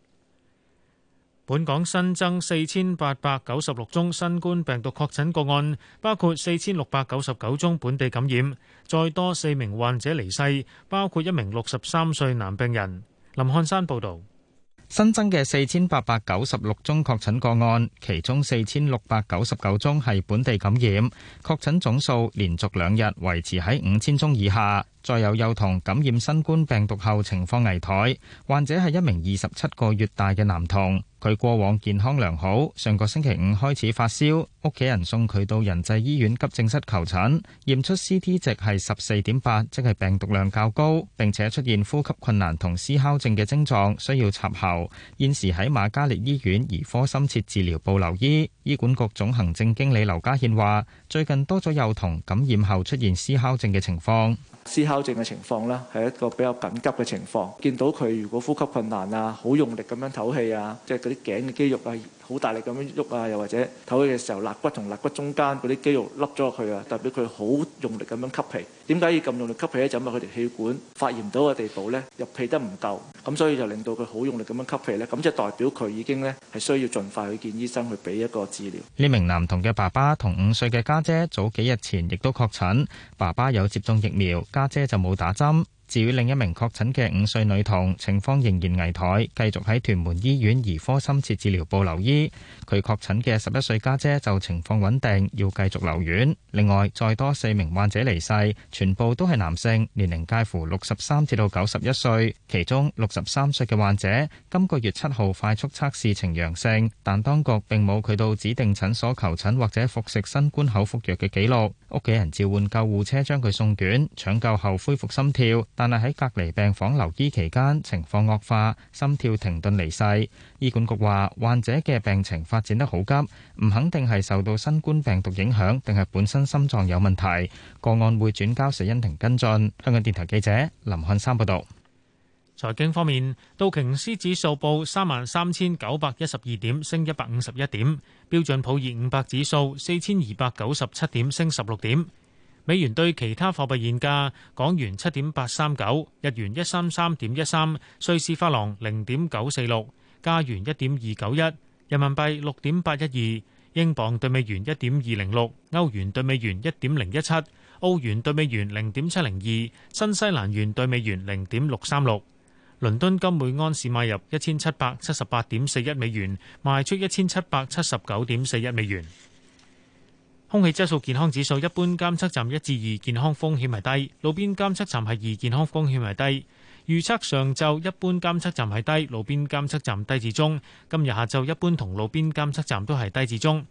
本港新增四千八百九十六宗新冠病毒確診個案，包括四千六百九十九宗本地感染，再多四名患者離世，包括一名六十三歲男病人。林漢山報道。新增嘅四千八百九十六宗確診個案，其中四千六百九十九宗係本地感染，確診總數連續兩日維持喺五千宗以下。再有幼童感染新冠病毒後情況危殆，患者係一名二十七個月大嘅男童，佢過往健康良好，上個星期五開始發燒，屋企人送佢到仁濟醫院急症室求診，驗出 C T 值係十四點八，即係病毒量較高，並且出現呼吸困難同思考症嘅症狀，需要插喉，現時喺瑪嘉烈醫院兒科深切治療部留醫。醫管局總行政經理劉家獻話：最近多咗幼童感染後出現思考症嘅情況，校正嘅情況啦，係一個比較緊急嘅情況。見到佢如果呼吸困難啊，好用力咁樣唞氣啊，即係嗰啲頸嘅肌肉啊。好大力咁樣喐啊！又或者唞氣嘅時候，肋骨同肋骨中間嗰啲肌肉凹咗落去啊，代表佢好用力咁樣吸氣。點解要咁用力吸氣咧？就因為佢條氣管發炎到嘅地步咧，入氣得唔夠，咁所以就令到佢好用力咁樣吸氣咧。咁即係代表佢已經咧係需要盡快去見醫生去俾一個治療。呢名男童嘅爸爸同五歲嘅家姐早幾日前亦都確診，爸爸有接種疫苗，家姐就冇打針。至於另一名確診嘅五歲女童，情況仍然危殆，繼續喺屯門醫院兒科深切治療部留醫。佢確診嘅十一歲家姐就情況穩定，要繼續留院。另外，再多四名患者離世，全部都係男性，年齡介乎六十三至到九十一歲。其中六十三歲嘅患者今個月七號快速測試呈陽性，但當局並冇佢到指定診所求診或者服食新冠口服藥嘅記錄。屋企人召喚救護車將佢送院，搶救後恢復心跳。但係喺隔離病房留醫期間，情況惡化，心跳停頓離世。醫管局話：患者嘅病情發展得好急，唔肯定係受到新冠病毒影響，定係本身心臟有問題。個案會轉交死因庭跟進。香港電台記者林漢山報導。財經方面，道瓊斯指數報三萬三千九百一十二點，升一百五十一點；標準普爾五百指數四千二百九十七點，升十六點。美元兌其他貨幣現價：港元七點八三九，日元一三三點一三，瑞士法郎零點九四六，加元一點二九一，人民幣六點八一二，英鎊對美元一點二零六，歐元對美元一點零一七，澳元對美元零點七零二，新西蘭元對美元零點六三六。倫敦金每安士買入一千七百七十八點四一美元，賣出一千七百七十九點四一美元。空氣質素健康指數一般監測站一至二，健康風險係低；路邊監測站係二，健康風險係低。預測上晝一般監測站係低，路邊監測站低至中。今日下晝一般同路邊監測站都係低至中。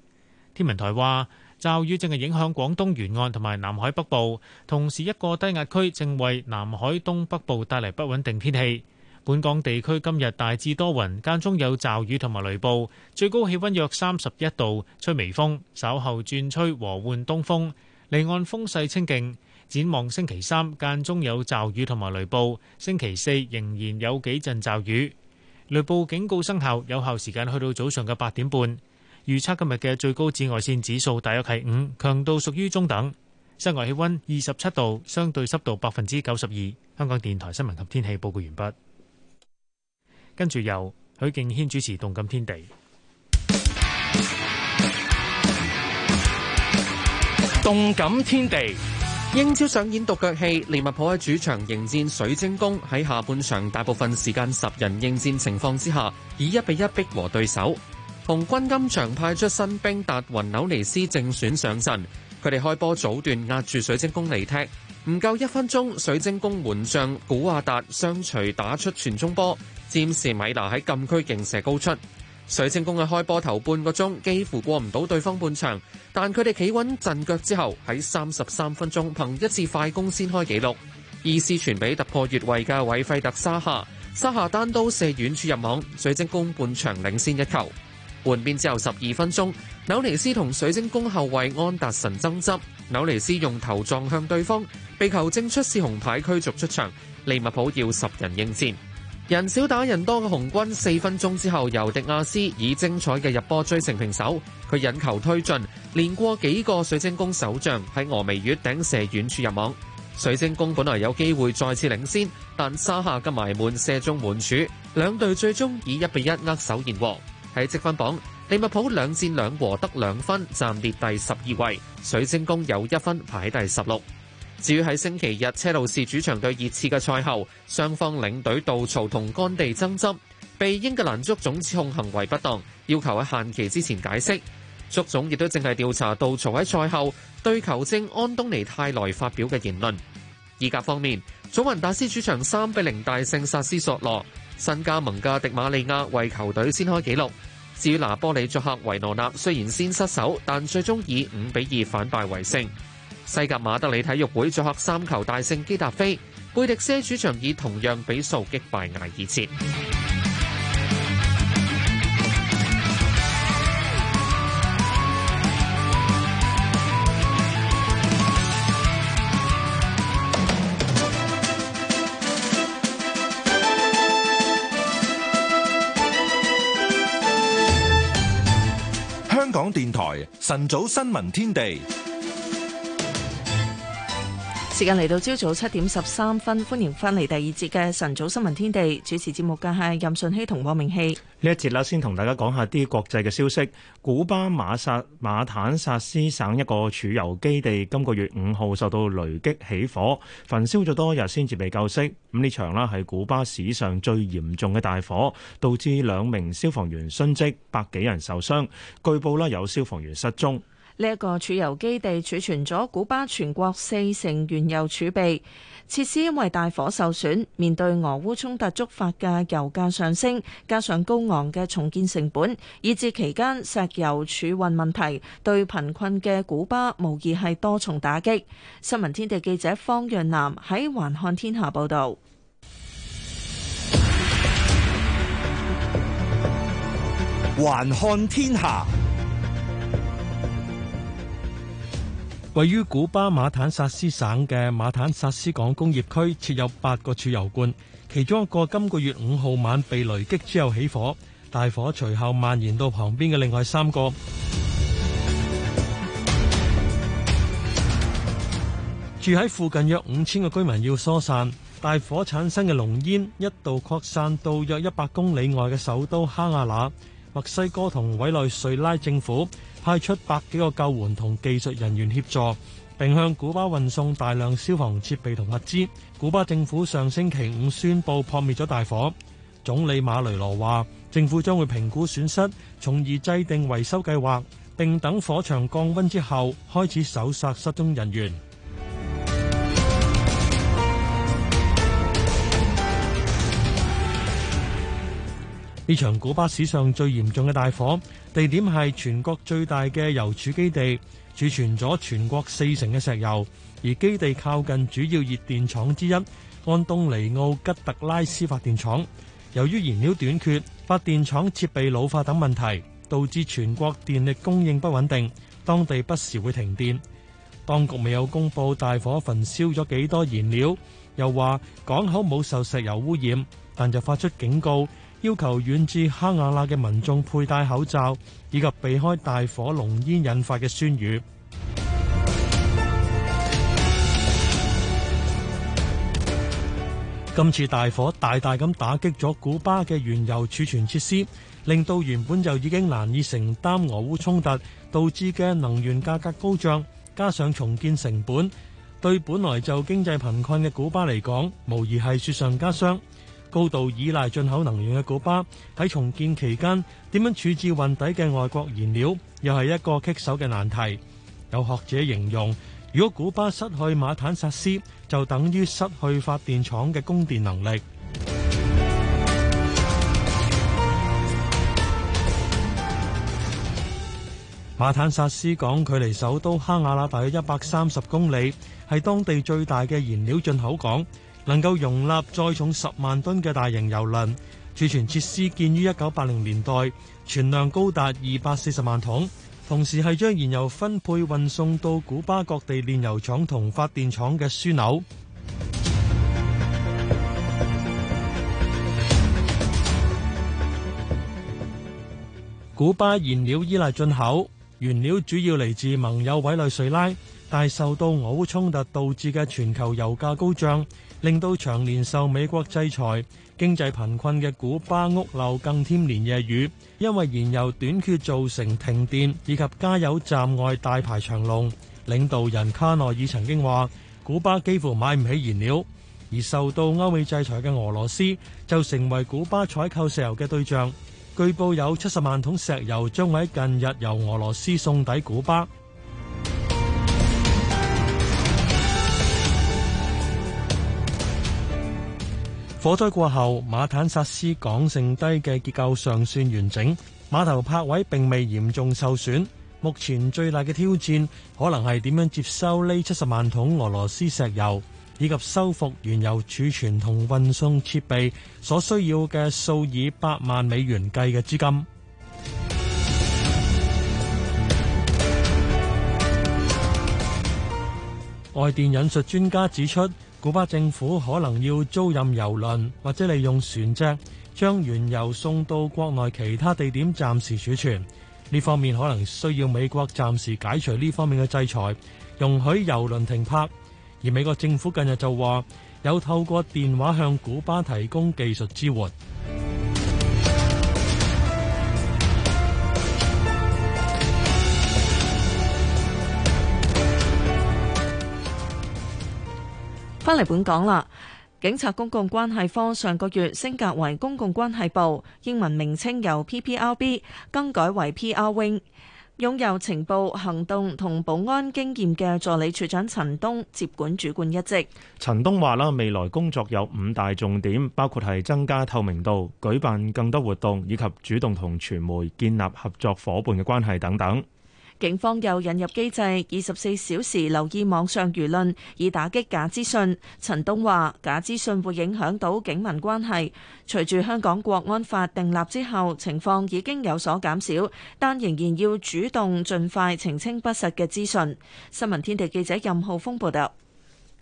天文台話，驟雨正係影響廣東沿岸同埋南海北部，同時一個低壓區正為南海東北部帶嚟不穩定天氣。本港地區今日大致多雲，間中有驟雨同埋雷暴，最高氣温約三十一度，吹微風，稍後轉吹和緩東風。離岸風勢清勁。展望星期三間中有驟雨同埋雷暴，星期四仍然有幾陣驟雨。雷暴警告生效，有效時間去到早上嘅八點半。預測今日嘅最高紫外線指數大約係五，強度屬於中等。室外氣温二十七度，相對濕度百分之九十二。香港電台新聞及天氣報告完畢。跟住由許敬軒主持《動感天地》。《動感天地》英超上演獨腳戲，利物浦喺主場迎戰水晶宮。喺下半場大部分時間十人應戰情況之下，以一比一逼和對手。紅軍今場派出新兵達雲紐尼斯正選上陣，佢哋開波早段壓住水晶宮嚟踢。唔夠一分鐘，水晶宮門將古亞達雙錘打出傳中波。詹士米拿喺禁區勁射高出。水晶宮嘅開波頭半個鐘，幾乎過唔到對方半場，但佢哋企穩陣腳之後喺人少打人多嘅紅軍四分鐘之後，由迪亞斯以精彩嘅入波追成平手。佢引球推進，連過幾個水晶宮守將，喺峨眉月頂射遠處入網。水晶宮本來有機會再次領先，但沙下嘅埋門射中門柱。兩隊最終以一比一握手言和。喺積分榜，利物浦兩戰兩和得兩分，暫列第十二位。水晶宮有一分排喺第十六。至於喺星期日車路士主場對熱刺嘅賽後，雙方領隊杜曹同干地爭執，被英格蘭足總指控行為不當，要求喺限期之前解釋。足總亦都正係調查杜曹喺賽後對球證安東尼泰來發表嘅言論。意甲方面，祖雲達斯主場三比零大勝薩斯索羅，新加盟嘅迪馬利亞為球隊先開紀錄。至於拿波里作客維羅納，雖然先失守，但最終以五比二反敗為勝。西甲馬德里體育會作客三球大勝基達菲，貝迪斯主場以同樣比數擊敗艾爾切。香港電台晨早新聞天地。時間嚟到朝早七點十三分，歡迎翻嚟第二節嘅晨早新聞天地。主持節目嘅係任順希同王明熙。呢一節啦，先同大家講下啲國際嘅消息。古巴馬薩馬坦薩斯省一個儲油基地，今個月五號受到雷擊起火，焚燒咗多日先至被救熄。咁呢場啦係古巴史上最嚴重嘅大火，導致兩名消防員殉職，百幾人受傷，據報啦有消防員失蹤。呢一個儲油基地儲存咗古巴全國四成原油儲備設施，因為大火受損。面對俄烏衝突觸發嘅油價上升，加上高昂嘅重建成本，以至期間石油儲運問題對貧困嘅古巴無疑係多重打擊。新聞天地記者方潤南喺環看天下報道。環看天下。位於古巴馬坦薩斯省嘅馬坦薩斯港工業區設有八個儲油罐，其中一個今個月五號晚被雷擊之後起火，大火隨後蔓延到旁邊嘅另外三個。 住喺附近約五千個居民要疏散，大火產生嘅濃煙一度擴散到約一百公里外嘅首都哈瓦那，墨西哥同委內瑞拉政府。派出百幾個救援同技術人員協助，並向古巴運送大量消防設備同物資。古巴政府上星期五宣佈撲滅咗大火。總理馬雷羅話：政府將會評估損失，從而制定維修計劃，並等火場降温之後開始搜索失蹤人員。呢場古巴史上最嚴重嘅大火，地點係全國最大嘅油儲基地，儲存咗全國四成嘅石油，而基地靠近主要熱電廠之一——安東尼奧·吉特拉斯發電廠。由於燃料短缺、發電廠設備老化等問題，導致全國電力供應不穩定，當地不時會停電。當局未有公布大火焚燒咗幾多燃料，又話港口冇受石油污染，但就發出警告。要求遠至哈瓦那嘅民眾佩戴口罩，以及避開大火濃煙引發嘅酸雨。今次大火大大咁打擊咗古巴嘅原油儲存設施，令到原本就已經難以承擔俄烏衝突導致嘅能源價格高漲，加上重建成本，對本來就經濟貧困嘅古巴嚟講，無疑係雪上加霜。高度依賴進口能源嘅古巴喺重建期間，點樣處置運抵嘅外國燃料，又係一個棘手嘅難題。有學者形容，如果古巴失去馬坦薩斯，就等於失去發電廠嘅供電能力。馬坦薩斯港距離首都哈瓦那大約一百三十公里，係當地最大嘅燃料進口港。能夠容納載重十萬噸嘅大型油輪，儲存設施建於一九八零年代，存量高達二百四十萬桶。同時係將燃油分配運送到古巴各地煉油廠同發電廠嘅樞紐。 古巴燃料依賴進口，原料主要嚟自盟友委內瑞拉，但受到俄烏衝突導致嘅全球油價高漲。令到長年受美國制裁、經濟貧困嘅古巴屋漏更添連夜雨，因為燃油短缺造成停電以及加油站外大排長龍。領導人卡內爾曾經話：古巴幾乎買唔起燃料，而受到歐美制裁嘅俄羅斯就成為古巴採購石油嘅對象。據報有七十萬桶石油將會喺近日由俄羅斯送抵古巴。火災過後，馬坦薩斯港剩低嘅結構尚算完整，碼頭泊位並未嚴重受損。目前最大嘅挑戰可能係點樣接收呢七十萬桶俄羅斯石油，以及修復原油儲存同運送設備所需要嘅數以百萬美元計嘅資金。外電引述專家指出。古巴政府可能要租賃油輪，或者利用船隻將原油送到國內其他地點暫時儲存。呢方面可能需要美國暫時解除呢方面嘅制裁，容許油輪停泊。而美國政府近日就話，有透過電話向古巴提供技術支援。翻嚟本港啦，警察公共關係科上個月升格為公共關係部，英文名稱由 PPRB 更改為 PR Wing，擁有情報、行動同保安經驗嘅助理處長陳東接管主管一職。陳東話啦，未來工作有五大重點，包括係增加透明度、舉辦更多活動，以及主動同傳媒建立合作伙伴嘅關係等等。警方又引入機制，二十四小時留意網上輿論，以打擊假資訊。陳東話：假資訊會影響到警民關係。隨住香港國安法訂立之後，情況已經有所減少，但仍然要主動盡快澄清不實嘅資訊。新聞天地記者任浩峰報道。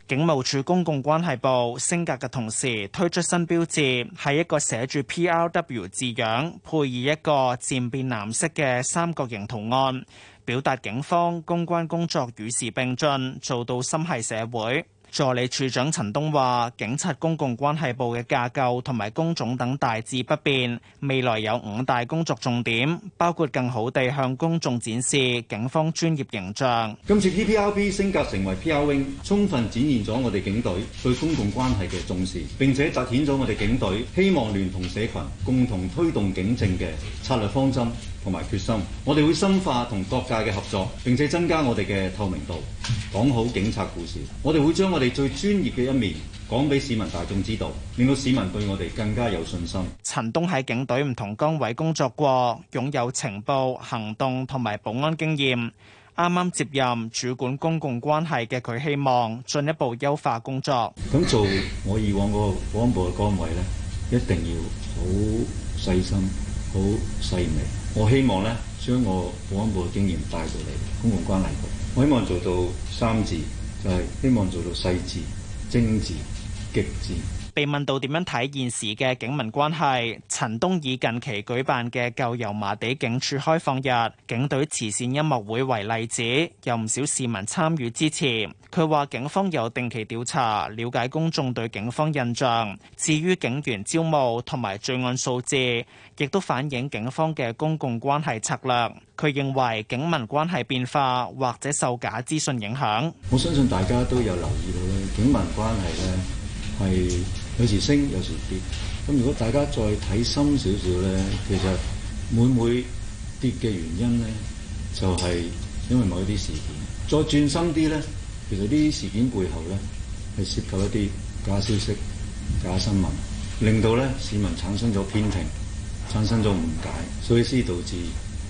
警務處公共關係部升格嘅同時，推出新標誌，係一個寫住 PRW 字樣，配以一個漸變藍色嘅三角形圖案。表達警方公關工作與時並進，做到心繫社會。助理處長陳東話，警察公共關係部嘅架構同埋工種等大致不變，未來有五大工作重點，包括更好地向公眾展示警方專業形象。今次 PPRB 升格成為 PR Wing，充分展現咗我哋警隊對公共關係嘅重視，並且凸顯咗我哋警隊希望聯同社群共同推動警政嘅策略方針。同埋決心，我哋會深化同各界嘅合作，並且增加我哋嘅透明度，講好警察故事。我哋會將我哋最專業嘅一面講俾市民大眾知道，令到市民對我哋更加有信心。陳東喺警隊唔同崗位工作過，擁有情報行動同埋保安經驗，啱啱接任主管公共關係嘅佢，希望進一步優化工作。咁做，我以往個保安部嘅崗位咧，一定要好細心、好細微。我希望呢，將我保安部的經驗帶到嚟公共關係部。我希望做到三字，就係、是、希望做到細緻、精緻、極緻。被問到點樣睇現時嘅警民關係，陳東以近期舉辦嘅舊油麻地警署開放日、警隊慈善音樂會為例子，有唔少市民參與支持。佢話警方有定期調查，了解公眾對警方印象。至於警員招募同埋罪案數字，亦都反映警方嘅公共關係策略。佢認為警民關係變化或者受假資訊影響。我相信大家都有留意到警民關係咧係。有時升，有時跌。咁如果大家再睇深少少咧，其實每每跌嘅原因咧，就係因為某一啲事件。再轉深啲咧，其實呢啲事件背後咧，係涉及一啲假消息、假新聞，令到咧市民產生咗偏聽，產生咗誤解，所以先導致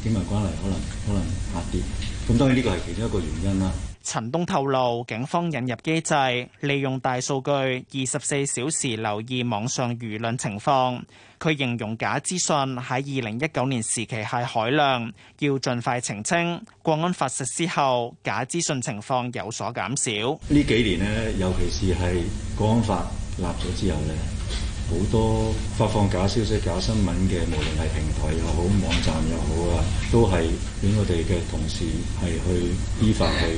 警民關係可能可能下跌。咁當然呢個係其中一個原因啦。陳東透露，警方引入機制，利用大數據，二十四小時留意網上輿論情況。佢形容假資訊喺二零一九年時期係海量，要盡快澄清。國安法實施後，假資訊情況有所減少。呢幾年呢，尤其是係國安法立咗之後呢。好多發放假消息、假新聞嘅，無論係平台又好、網站又好啊，都係畀我哋嘅同事係去依法去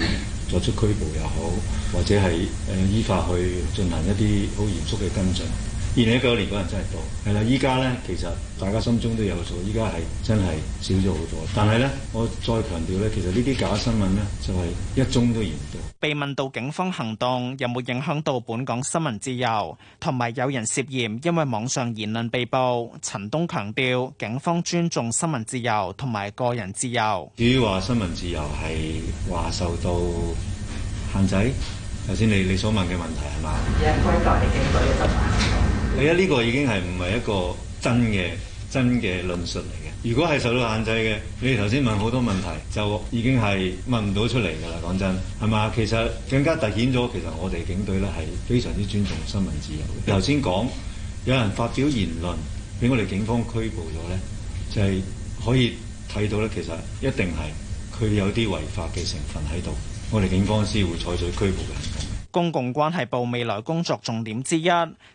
作出拘捕又好，或者係誒依法去進行一啲好嚴肅嘅跟進。二零一九年嗰陣真係多，係啦，依家咧其實大家心中都有數，依家係真係少咗好多。但係咧，我再強調咧，其實呢啲假新聞咧，就係一宗都嫌多。被問到警方行動有冇影響到本港新聞自由，同埋有，有人涉嫌因為網上言論被捕，陳東強調警方尊重新聞自由同埋個人自由。至於話新聞自由係話受到限制，頭先你你所問嘅問題係嘛？第一呢個已經係唔係一個真嘅真嘅論述嚟嘅？如果係受到限制嘅，你哋頭先問好多問題，就已經係問唔到出嚟㗎啦。講真，係嘛？其實更加突顯咗，其實我哋警隊咧係非常之尊重新聞自由嘅。頭先講有人發表言論俾我哋警方拘捕咗咧，就係可以睇到咧，其實一定係佢有啲違法嘅成分喺度。我哋警方先會採取拘捕嘅行動。公共關係部未來工作重點之一，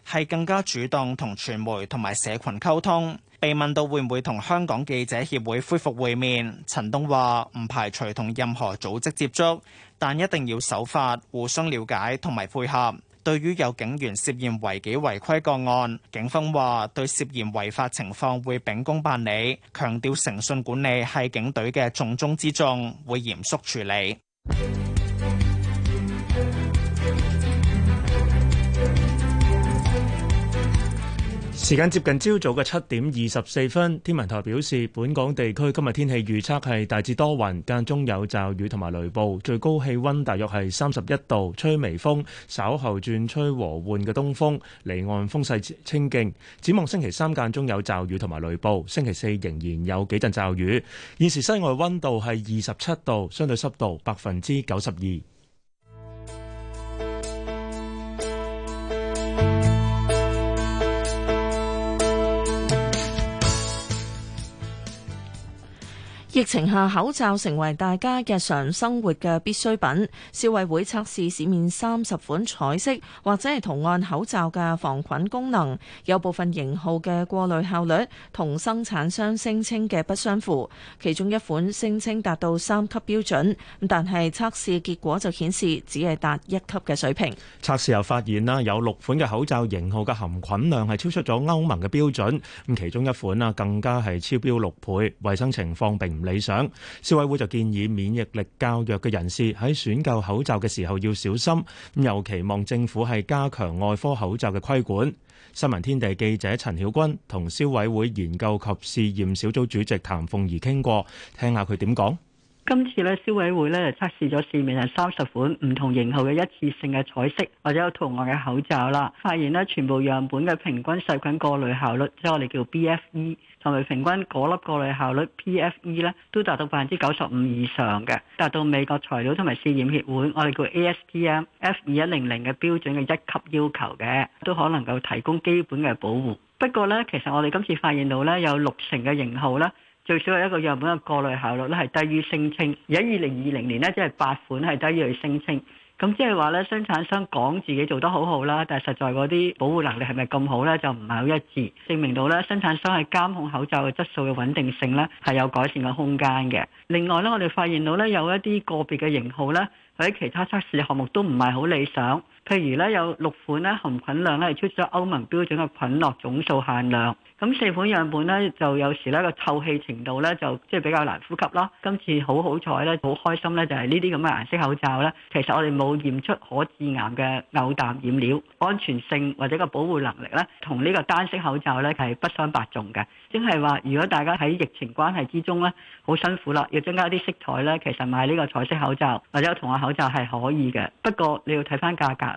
係更加主動同傳媒同埋社群溝通。被問到會唔會同香港記者協會恢復會面，陳東話唔排除同任何組織接觸，但一定要守法、互相了解同埋配合。對於有警員涉嫌違紀違規個案，警方話對涉嫌違法情況會秉公辦理，強調誠信管理係警隊嘅重中之重，會嚴肅處理。時間接近朝早嘅七點二十四分，天文台表示，本港地區今日天氣預測係大致多雲，間中有驟雨同埋雷暴，最高氣溫大約係三十一度，吹微風，稍後轉吹和緩嘅東風，離岸風勢清勁。展望星期三間中有驟雨同埋雷暴，星期四仍然有幾陣驟雨。現時室外温度係二十七度，相對濕度百分之九十二。疫情下口罩成為大家日常生活嘅必需品。消委會測試市面三十款彩色或者係圖案口罩嘅防菌功能，有部分型號嘅過濾效率同生產商聲稱嘅不相符。其中一款聲稱達到三級標準，咁但係測試結果就顯示只係達一級嘅水平。測試又發現啦，有六款嘅口罩型號嘅含菌量係超出咗歐盟嘅標準。咁其中一款啦，更加係超標六倍。衛生情況並唔。理想消委會就建議免疫力較弱嘅人士喺選購口罩嘅時候要小心，咁期望政府係加強外科口罩嘅規管。新聞天地記者陳曉君同消委會研究及試驗小組主席譚鳳儀傾過，聽下佢點講。今次咧消委會咧就測試咗市面上三十款唔同型號嘅一次性嘅彩色或者有圖案嘅口罩啦，發現咧全部樣本嘅平均細菌過濾效率，即係我哋叫 BFE，同埋平均嗰粒過濾效率 PFE 咧，都達到百分之九十五以上嘅，達到美國材料同埋試驗協會，我哋叫 ASTM F 二一零零嘅標準嘅一級要求嘅，都可能夠提供基本嘅保護。不過呢，其實我哋今次發現到咧有六成嘅型號咧。最少係一個樣本嘅過濾效率咧係低於聲稱，而喺二零二零年呢，即係八款係低於聲稱。咁即係話咧，生產商講自己做得好好啦，但係實在嗰啲保護能力係咪咁好咧，就唔係好一致，證明到咧生產商係監控口罩嘅質素嘅穩定性咧係有改善嘅空間嘅。另外咧，我哋發現到咧有一啲個別嘅型號咧或者其他測試項目都唔係好理想。譬如咧有六款咧含菌量咧係超出歐盟標準嘅菌落總數限量，咁四款樣本咧就有時咧個透氣程度咧就即係比較難呼吸啦。今次好好彩咧，好開心咧就係呢啲咁嘅顏色口罩咧，其實我哋冇驗出可致癌嘅偶氮染料，安全性或者個保護能力咧同呢個單色口罩咧係不相伯仲嘅。即係話，如果大家喺疫情關係之中咧好辛苦啦，要增加啲色彩咧，其實買呢個彩色口罩或者同我口罩係可以嘅，不過你要睇翻價格。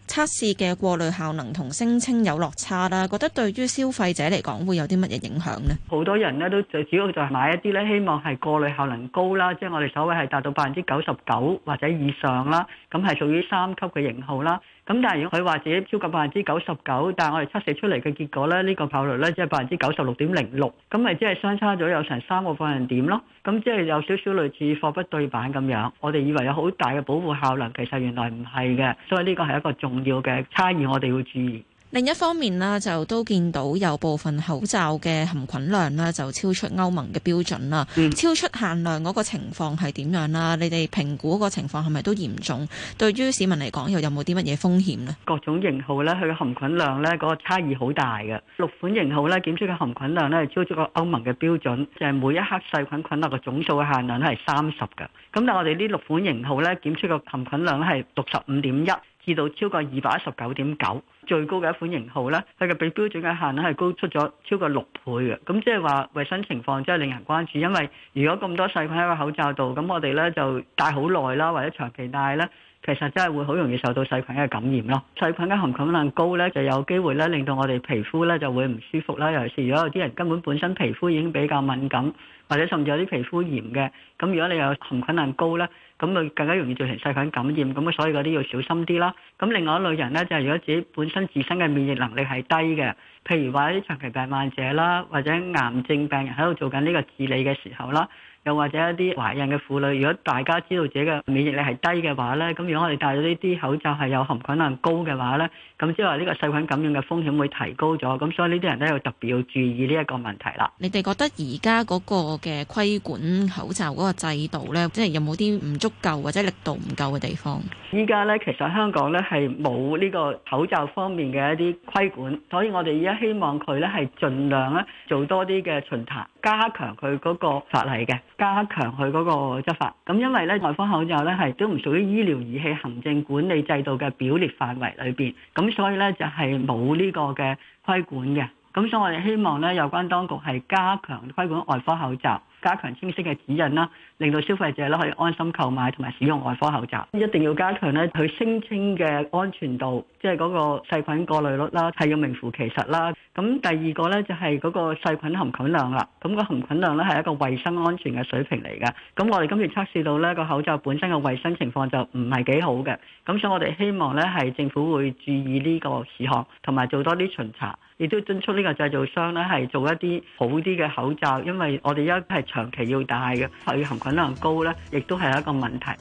測試嘅過濾效能同聲稱有落差啦，覺得對於消費者嚟講會有啲乜嘢影響呢？好多人咧都就主要就係買一啲咧，希望係過濾效能高啦，即係我哋所謂係達到百分之九十九或者以上啦，咁係屬於三級嘅型號啦。咁但係如果佢話自己超過百分之九十九，但係我哋測試出嚟嘅結果咧，呢個效率咧即係百分之九十六點零六，咁咪即係相差咗有成三個百分點咯。咁即係有少少類似貨不對板咁樣，我哋以為有好大嘅保護效能，其實原來唔係嘅，所以呢個係一個重要嘅差異，我哋要注意。另一方面呢，就都見到有部分口罩嘅含菌量呢，就超出歐盟嘅標準啦。嗯、超出限量嗰個情況係點樣啦？你哋評估個情況係咪都嚴重？對於市民嚟講，又有冇啲乜嘢風險咧？各種型號咧，佢嘅含菌量咧，嗰個差異好大嘅。六款型號咧，檢出嘅含菌量咧，超出個歐盟嘅標準，就係每一克細菌菌落嘅總數嘅限量係三十嘅。咁但我哋呢六款型號咧，檢出嘅含菌量咧係六十五點一。至到超過二百一十九點九，最高嘅一款型號咧，佢嘅比標準嘅限量係高出咗超過六倍嘅。咁即係話衞生情況真係令人關注，因為如果咁多細菌喺個口罩度，咁我哋咧就戴好耐啦，或者長期戴咧，其實真係會好容易受到細菌嘅感染咯。細菌嘅含菌量高咧，就有機會咧令到我哋皮膚咧就會唔舒服啦。尤其是如果有啲人根本本身皮膚已經比較敏感，或者甚至有啲皮膚炎嘅，咁如果你有含菌量高咧。咁佢更加容易造成細菌感染，咁所以嗰啲要小心啲啦。咁另外一類人咧，就係如果自己本身自身嘅免疫能力係低嘅，譬如話啲長期病患者啦，或者癌症病人喺度做緊呢個治理嘅時候啦。又或者一啲懷孕嘅婦女，如果大家知道自己嘅免疫力係低嘅話呢，咁如果我哋戴咗呢啲口罩係有含菌量高嘅話呢，咁即係話呢個細菌感染嘅風險會提高咗，咁所以呢啲人都要特別要注意呢一個問題啦。你哋覺得而家嗰個嘅規管口罩嗰個制度呢，即係有冇啲唔足夠或者力度唔夠嘅地方？依家呢，其實香港呢係冇呢個口罩方面嘅一啲規管，所以我哋而家希望佢呢係盡量咧做多啲嘅巡查，加強佢嗰個法例嘅。加強佢嗰個執法，咁因為咧外科口罩咧係都唔屬於醫療儀器行政管理制度嘅表列範圍裏邊，咁所以咧就係冇呢個嘅規管嘅，咁所以我哋希望咧有關當局係加強規管外科口罩。加強清晰嘅指引啦，令到消費者咧可以安心購買同埋使用外科口罩。一定要加強咧佢聲稱嘅安全度，即係嗰個細菌過濾率啦，係要名符其實啦。咁第二個咧就係嗰個細菌含菌量啦。咁個含菌量咧係一個衞生安全嘅水平嚟嘅。咁我哋今次測試到咧個口罩本身嘅衞生情況就唔係幾好嘅。咁所以我哋希望咧係政府會注意呢個事項，同埋做多啲巡查。亦都敦促呢個製造商咧，係做一啲好啲嘅口罩，因為我哋而家係長期要戴嘅，佢含菌量高咧，亦都係一個問題。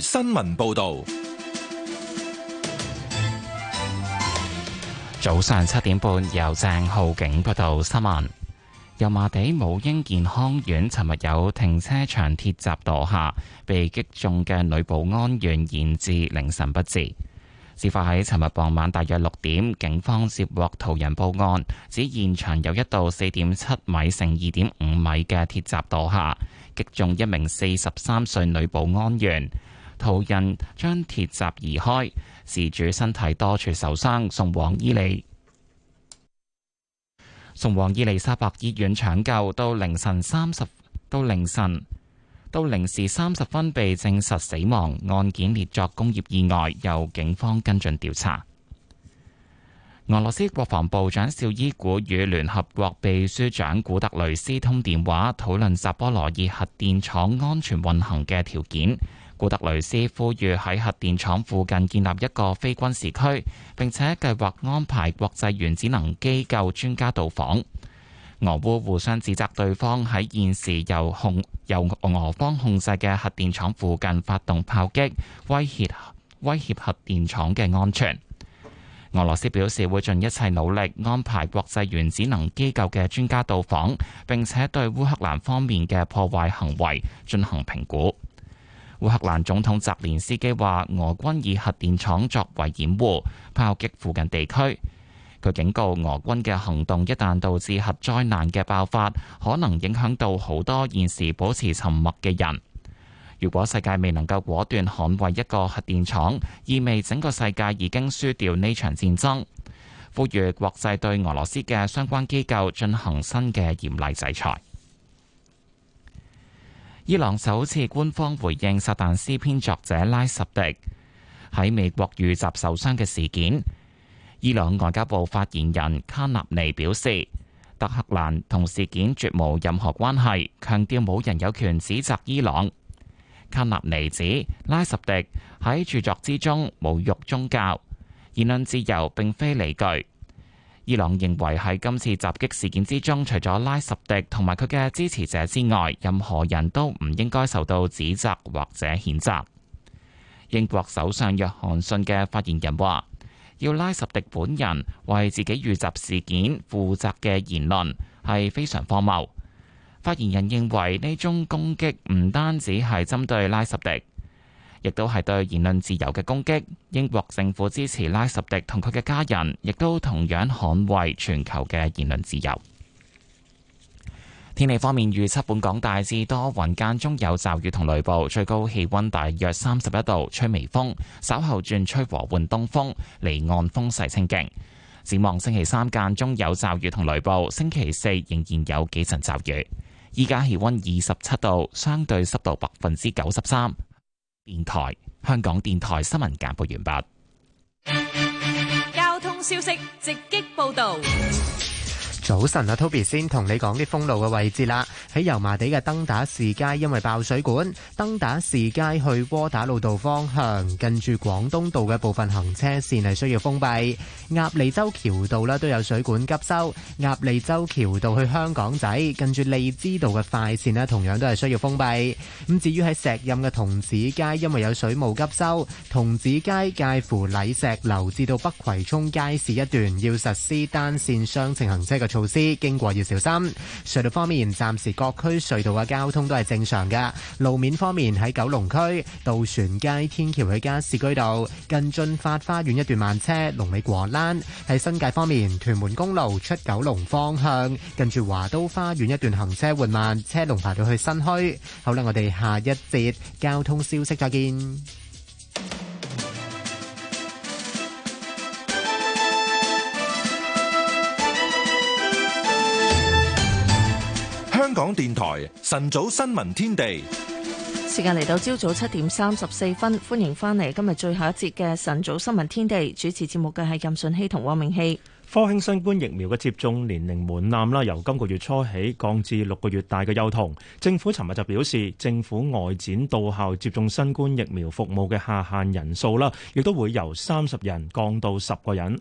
新聞報道：早上七點半，由鄭浩景報道新聞。油麻地母嬰健康院尋日有停車場鐵閘墮下，被擊中嘅女保安員延至凌晨不治。事發喺尋日傍晚大約六點，警方接獲途人報案，指現場有一度四點七米乘二點五米嘅鐵閘墮下，擊中一名四十三歲女保安員。途人將鐵閘移開，事主身體多處受傷，送往伊利送往伊利沙伯醫院搶救。到凌晨三十到凌晨到零時三十分被證實死亡。案件列作工業意外，由警方跟進調查。俄羅斯國防部長紹伊古與聯合國秘書長古特雷斯通電話，討論扎波羅熱核電廠安全運行嘅條件。古特雷斯呼籲喺核電廠附近建立一個非軍事區，並且計劃安排國際原子能機構專家到訪。俄烏互相指責對方喺現時由控由俄方控制嘅核電廠附近發動炮擊，威脅威脅核電廠嘅安全。俄羅斯表示會盡一切努力安排國際原子能機構嘅專家到訪，並且對烏克蘭方面嘅破壞行為進行評估。烏克蘭總統澤連斯基話：俄軍以核電廠作為掩護，炮擊附近地區。佢警告俄軍嘅行動一旦導致核災難嘅爆發，可能影響到好多現時保持沉默嘅人。如果世界未能夠果斷捍衛一個核電廠，意味整個世界已經輸掉呢場戰爭。呼籲國際對俄羅斯嘅相關機構進行新嘅嚴厲制裁。伊朗首次官方回應《撒旦詩篇》作者拉什迪喺美國遇襲受傷嘅事件。伊朗外交部發言人卡納尼表示，德克蘭同事件絕無任何關係，強調冇人有權指責伊朗。卡納尼指，拉什迪喺著作之中侮辱宗教，言論自由並非理據。伊朗認為喺今次襲擊事件之中，除咗拉什迪同埋佢嘅支持者之外，任何人都唔應該受到指責或者譴責。英國首相約翰遜嘅發言人話，要拉什迪本人為自己遇襲事件負責嘅言論係非常荒謬。發言人認為呢宗攻擊唔單止係針對拉什迪。亦都係對言論自由嘅攻擊。英國政府支持拉什迪同佢嘅家人，亦都同樣捍衛全球嘅言論自由。天氣方面，預測本港大致多雲間中有驟雨同雷暴，最高氣溫大約三十一度，吹微風。稍後轉吹和緩東風，離岸風勢清勁。展望星期三間中有驟雨同雷暴，星期四仍然有幾陣驟雨。依家氣溫二十七度，相對濕度百分之九十三。電台香港電台新聞簡報完畢。交通消息直擊報道。早晨啊，Toby 先同你講啲封路嘅位置啦。喺油麻地嘅登打士街，因為爆水管；登打士街去窩打老道方向，近住廣東道嘅部分行車線係需要封閉。鴨脷洲橋道咧都有水管急修，鴨脷洲橋道去香港仔，近住荔枝道嘅快線咧同樣都係需要封閉。咁至於喺石蔭嘅童子街，因為有水務急修，童子街介乎禮石樓至到北葵涌街市一段要實施單線雙程行車嘅。措施，經過要小心。隧道方面，暫時各區隧道嘅交通都係正常㗎。路面方面，喺九龍區渡船街天橋去加士居道近進發花園一段慢車，龍尾果欄。喺新界方面，屯門公路出九龍方向近住華都花園一段行車緩慢，車龍排到去新墟。好啦，我哋下一節交通消息，再見。香港電台晨早新聞天地，時間嚟到朝早七點三十四分，歡迎翻嚟今日最後一節嘅晨早新聞天地。主持節目嘅係任順希同汪明希。科興新冠疫苗嘅接種年齡門檻啦，由今個月初起降至六個月大嘅幼童。政府尋日就表示，政府外展到校接種新冠疫苗服務嘅下限人數啦，亦都會由三十人降到十個人。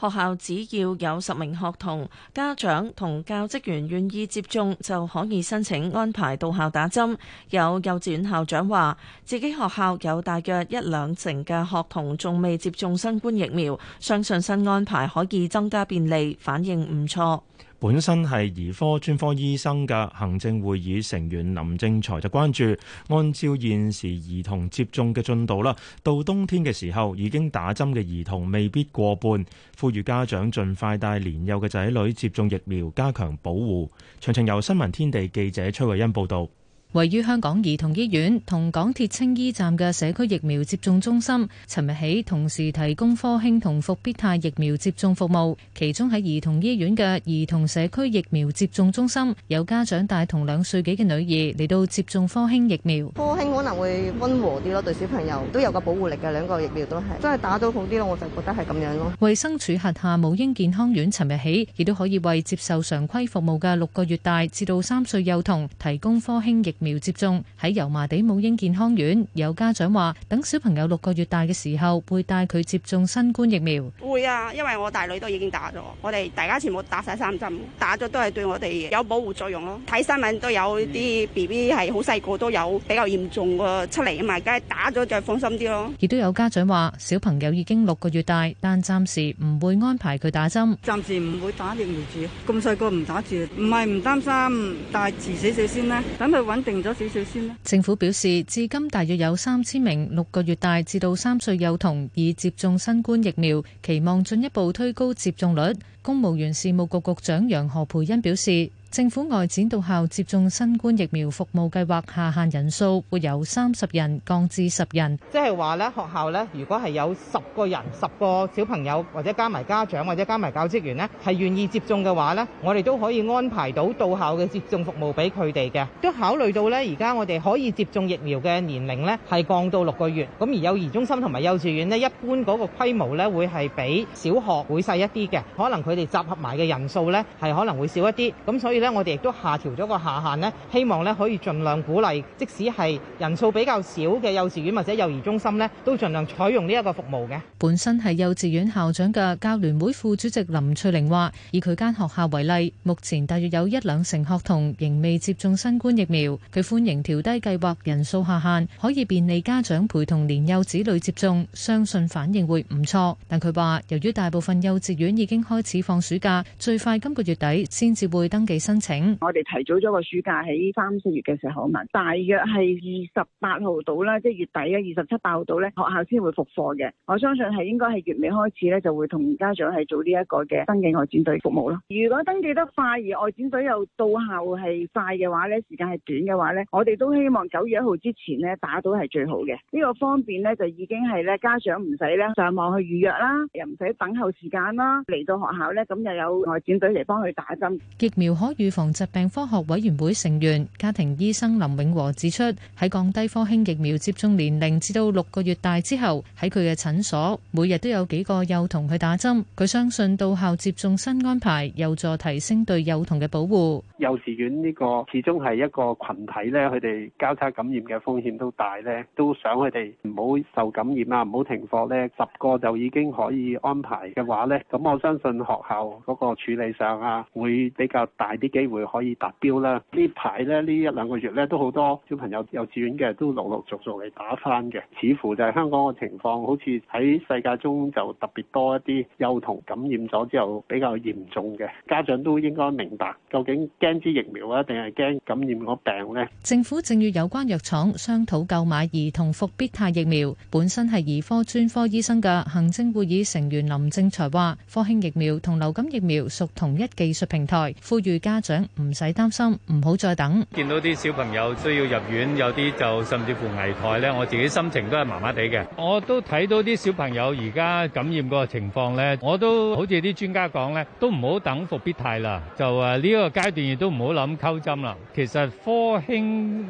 學校只要有十名學童、家長同教職員願意接種，就可以申請安排到校打針。有幼稚園校長話，自己學校有大約一兩成嘅學童仲未接種新冠疫苗，相信新安排可以增加便利，反應唔錯。本身係兒科專科醫生嘅行政會議成員林正財就關注，按照現時兒童接種嘅進度啦，到冬天嘅時候已經打針嘅兒童未必過半，呼籲家長盡快帶年幼嘅仔女接種疫苗，加強保護。詳情由新聞天地記者崔慧欣報道。位於香港兒童醫院同港鐵青衣站嘅社區疫苗接種中心，尋日起同時提供科興同復必泰疫苗接種服務。其中喺兒童醫院嘅兒童社區疫苗接種中心，有家長帶同兩歲幾嘅女兒嚟到接種科興疫苗。科興可能會溫和啲咯，對小朋友都有個保護力嘅，兩個疫苗都係，真係打到好啲咯，我就覺得係咁樣咯。衛生署轄下母嬰健康院，尋日起亦都可以為接受常規服務嘅六個月大至到三歲幼童提供科興疫苗。疫苗接種喺油麻地母嬰健康院，有家長話：等小朋友六個月大嘅時候，會帶佢接種新冠疫苗。會啊，因為我大女都已經打咗，我哋大家全部打晒三針，打咗都係對我哋有保護作用、嗯、咯。睇新聞都有啲 B B 係好細個都有比較嚴重個出嚟啊嘛！梗係打咗就放心啲咯。亦都有家長話：小朋友已經六個月大，但暫時唔會安排佢打針。暫時唔會打疫苗住，咁細個唔打住，唔係唔擔心，但係遲少少先啦，等佢穩定。用咗少少先啦。政府表示，至今大約有三千名六個月大至到三歲幼童已接種新冠疫苗，期望進一步推高接種率。公務員事務局局長楊何培恩表示。政府外展到校接種新冠疫苗服務計劃下限人數會由三十人降至十人，即係話咧學校咧如果係有十個人，十個小朋友或者加埋家長或者加埋教職員咧係願意接種嘅話咧，我哋都可以安排到到校嘅接種服務俾佢哋嘅。都考慮到咧，而家我哋可以接種疫苗嘅年齡咧係降到六個月，咁而幼兒中心同埋幼稚園咧一般嗰個規模咧會係比小學會細一啲嘅，可能佢哋集合埋嘅人數咧係可能會少一啲，咁所以咧，我哋亦都下調咗個下限咧，希望咧可以盡量鼓勵，即使係人數比較少嘅幼稚園或者幼兒中心咧，都盡量採用呢一個服務嘅。本身係幼稚園校長嘅教聯會副主席林翠玲話，以佢間學校為例，目前大約有一兩成學童仍未接種新冠疫苗。佢歡迎調低計劃人數下限，可以便利家長陪同年幼子女接種，相信反應會唔錯。但佢話，由於大部分幼稚園已經開始放暑假，最快今個月底先至會登記新。申請，我哋提早咗個暑假喺三四月嘅時候啊嘛，大約係二十八號到啦，即係月底啊，二十七八號到咧，學校先會復課嘅。我相信係應該係月尾開始咧，就會同家長係做呢一個嘅登記外展隊服務咯。如果登記得快而外展隊又到校係快嘅話咧，時間係短嘅話咧，我哋都希望九月一號之前咧打到係最好嘅。呢個方便咧就已經係咧家長唔使咧上網去預約啦，又唔使等候時間啦，嚟到學校咧咁又有外展隊嚟幫佢打針，疫苗可以。預防疾病科學委員會成員、家庭醫生林永和指出，喺降低科興疫苗接種年齡至到六個月大之後，喺佢嘅診所每日都有幾個幼童去打針。佢相信到校接種新安排有助提升對幼童嘅保護。幼稚園呢個始終係一個群體呢，佢哋交叉感染嘅風險都大呢，都想佢哋唔好受感染啊，唔好停課呢。十個就已經可以安排嘅話呢，咁我相信學校嗰個處理上啊會比較大。啲機會可以達標啦！呢排咧呢一兩個月咧都好多小朋友幼稚園嘅都陸陸續續嚟打翻嘅，似乎就係香港嘅情況，好似喺世界中就特別多一啲幼童感染咗之後比較嚴重嘅家長都應該明白，究竟驚支疫苗啊，定係驚感染個病咧？政府正與有關藥廠商討購買兒童復必泰疫苗。本身係兒科專科醫生嘅行政會議成員林正才話，科興疫苗同流感疫苗屬同一技術平台，呼籲家家長唔使擔心，唔好再等。見到啲小朋友需要入院，有啲就甚至乎危殆咧。我自己心情都係麻麻地嘅。我都睇到啲小朋友而家感染嗰個情況咧，我都好似啲專家講咧，都唔好等復必泰啦，就誒呢個階段亦都唔好諗溝針啦。其實科興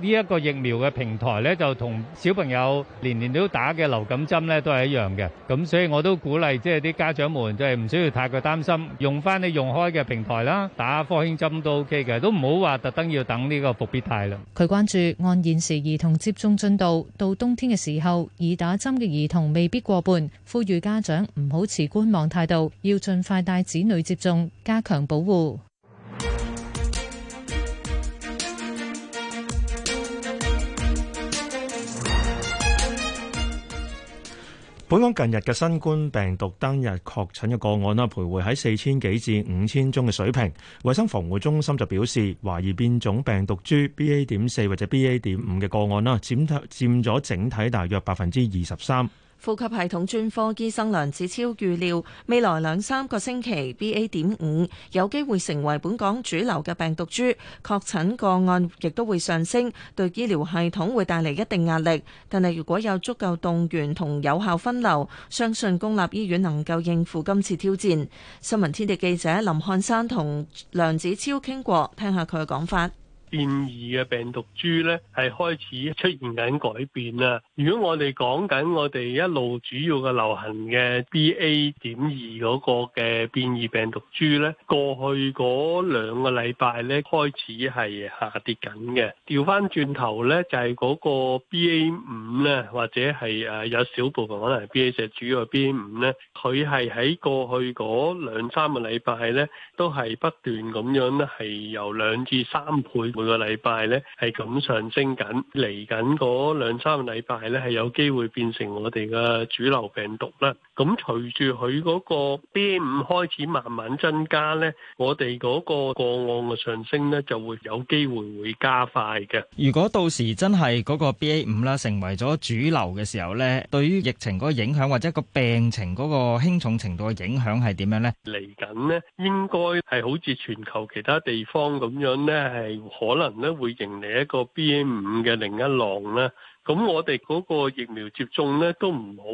呢一個疫苗嘅平台咧，就同小朋友年年都打嘅流感針咧都係一樣嘅。咁所以我都鼓勵即係啲家長們，即係唔需要太過擔心，用翻你用開嘅平台啦，打科興針。都 OK 嘅，都唔好話特登要等呢個復必泰啦。佢關注按現時兒童接種進度，到冬天嘅時候，已打針嘅兒童未必過半，呼籲家長唔好持觀望態度，要盡快帶子女接種，加強保護。本港近日嘅新冠病毒單日確診嘅個案啦，徘徊喺四千幾至五千宗嘅水平。衛生防護中心就表示，懷疑變種病毒株 BA 點四或者 BA 點五嘅個案啦，佔咗整體大約百分之二十三。呼吸系統專科醫生梁子超預料，未來兩三個星期 BA 點五有機會成為本港主流嘅病毒株，確診個案亦都會上升，對醫療系統會帶嚟一定壓力。但係如果有足夠動員同有效分流，相信公立醫院能夠應付今次挑戰。新聞天地記者林漢山同梁子超傾過，聽下佢嘅講法。變異嘅病毒株咧，係開始出現緊改變啦。如果我哋講緊我哋一路主要嘅流行嘅 BA.2 嗰個嘅變異病毒株咧，過去嗰兩個禮拜咧，開始係下跌緊嘅。調返轉頭咧，就係嗰個 BA5 咧，或者係誒有少部分可能係 BA4 主要嘅 BA5 咧，佢係喺過去嗰兩三個禮拜咧都係不斷咁樣咧，係由兩至三倍。個禮拜咧係咁上升緊，嚟緊嗰兩三個禮拜咧係有機會變成我哋嘅主流病毒啦。咁隨住佢嗰個 BA 五開始慢慢增加咧，我哋嗰個個案嘅上升咧就會有機會會加快嘅。如果到時真係嗰個 BA 五啦成為咗主流嘅時候咧，對於疫情嗰個影響或者個病情嗰個輕重程度嘅影響係點樣咧？嚟緊咧應該係好似全球其他地方咁樣咧係可。可能咧會迎嚟一個 B A 五嘅另一浪咧，咁我哋嗰個疫苗接種咧都唔好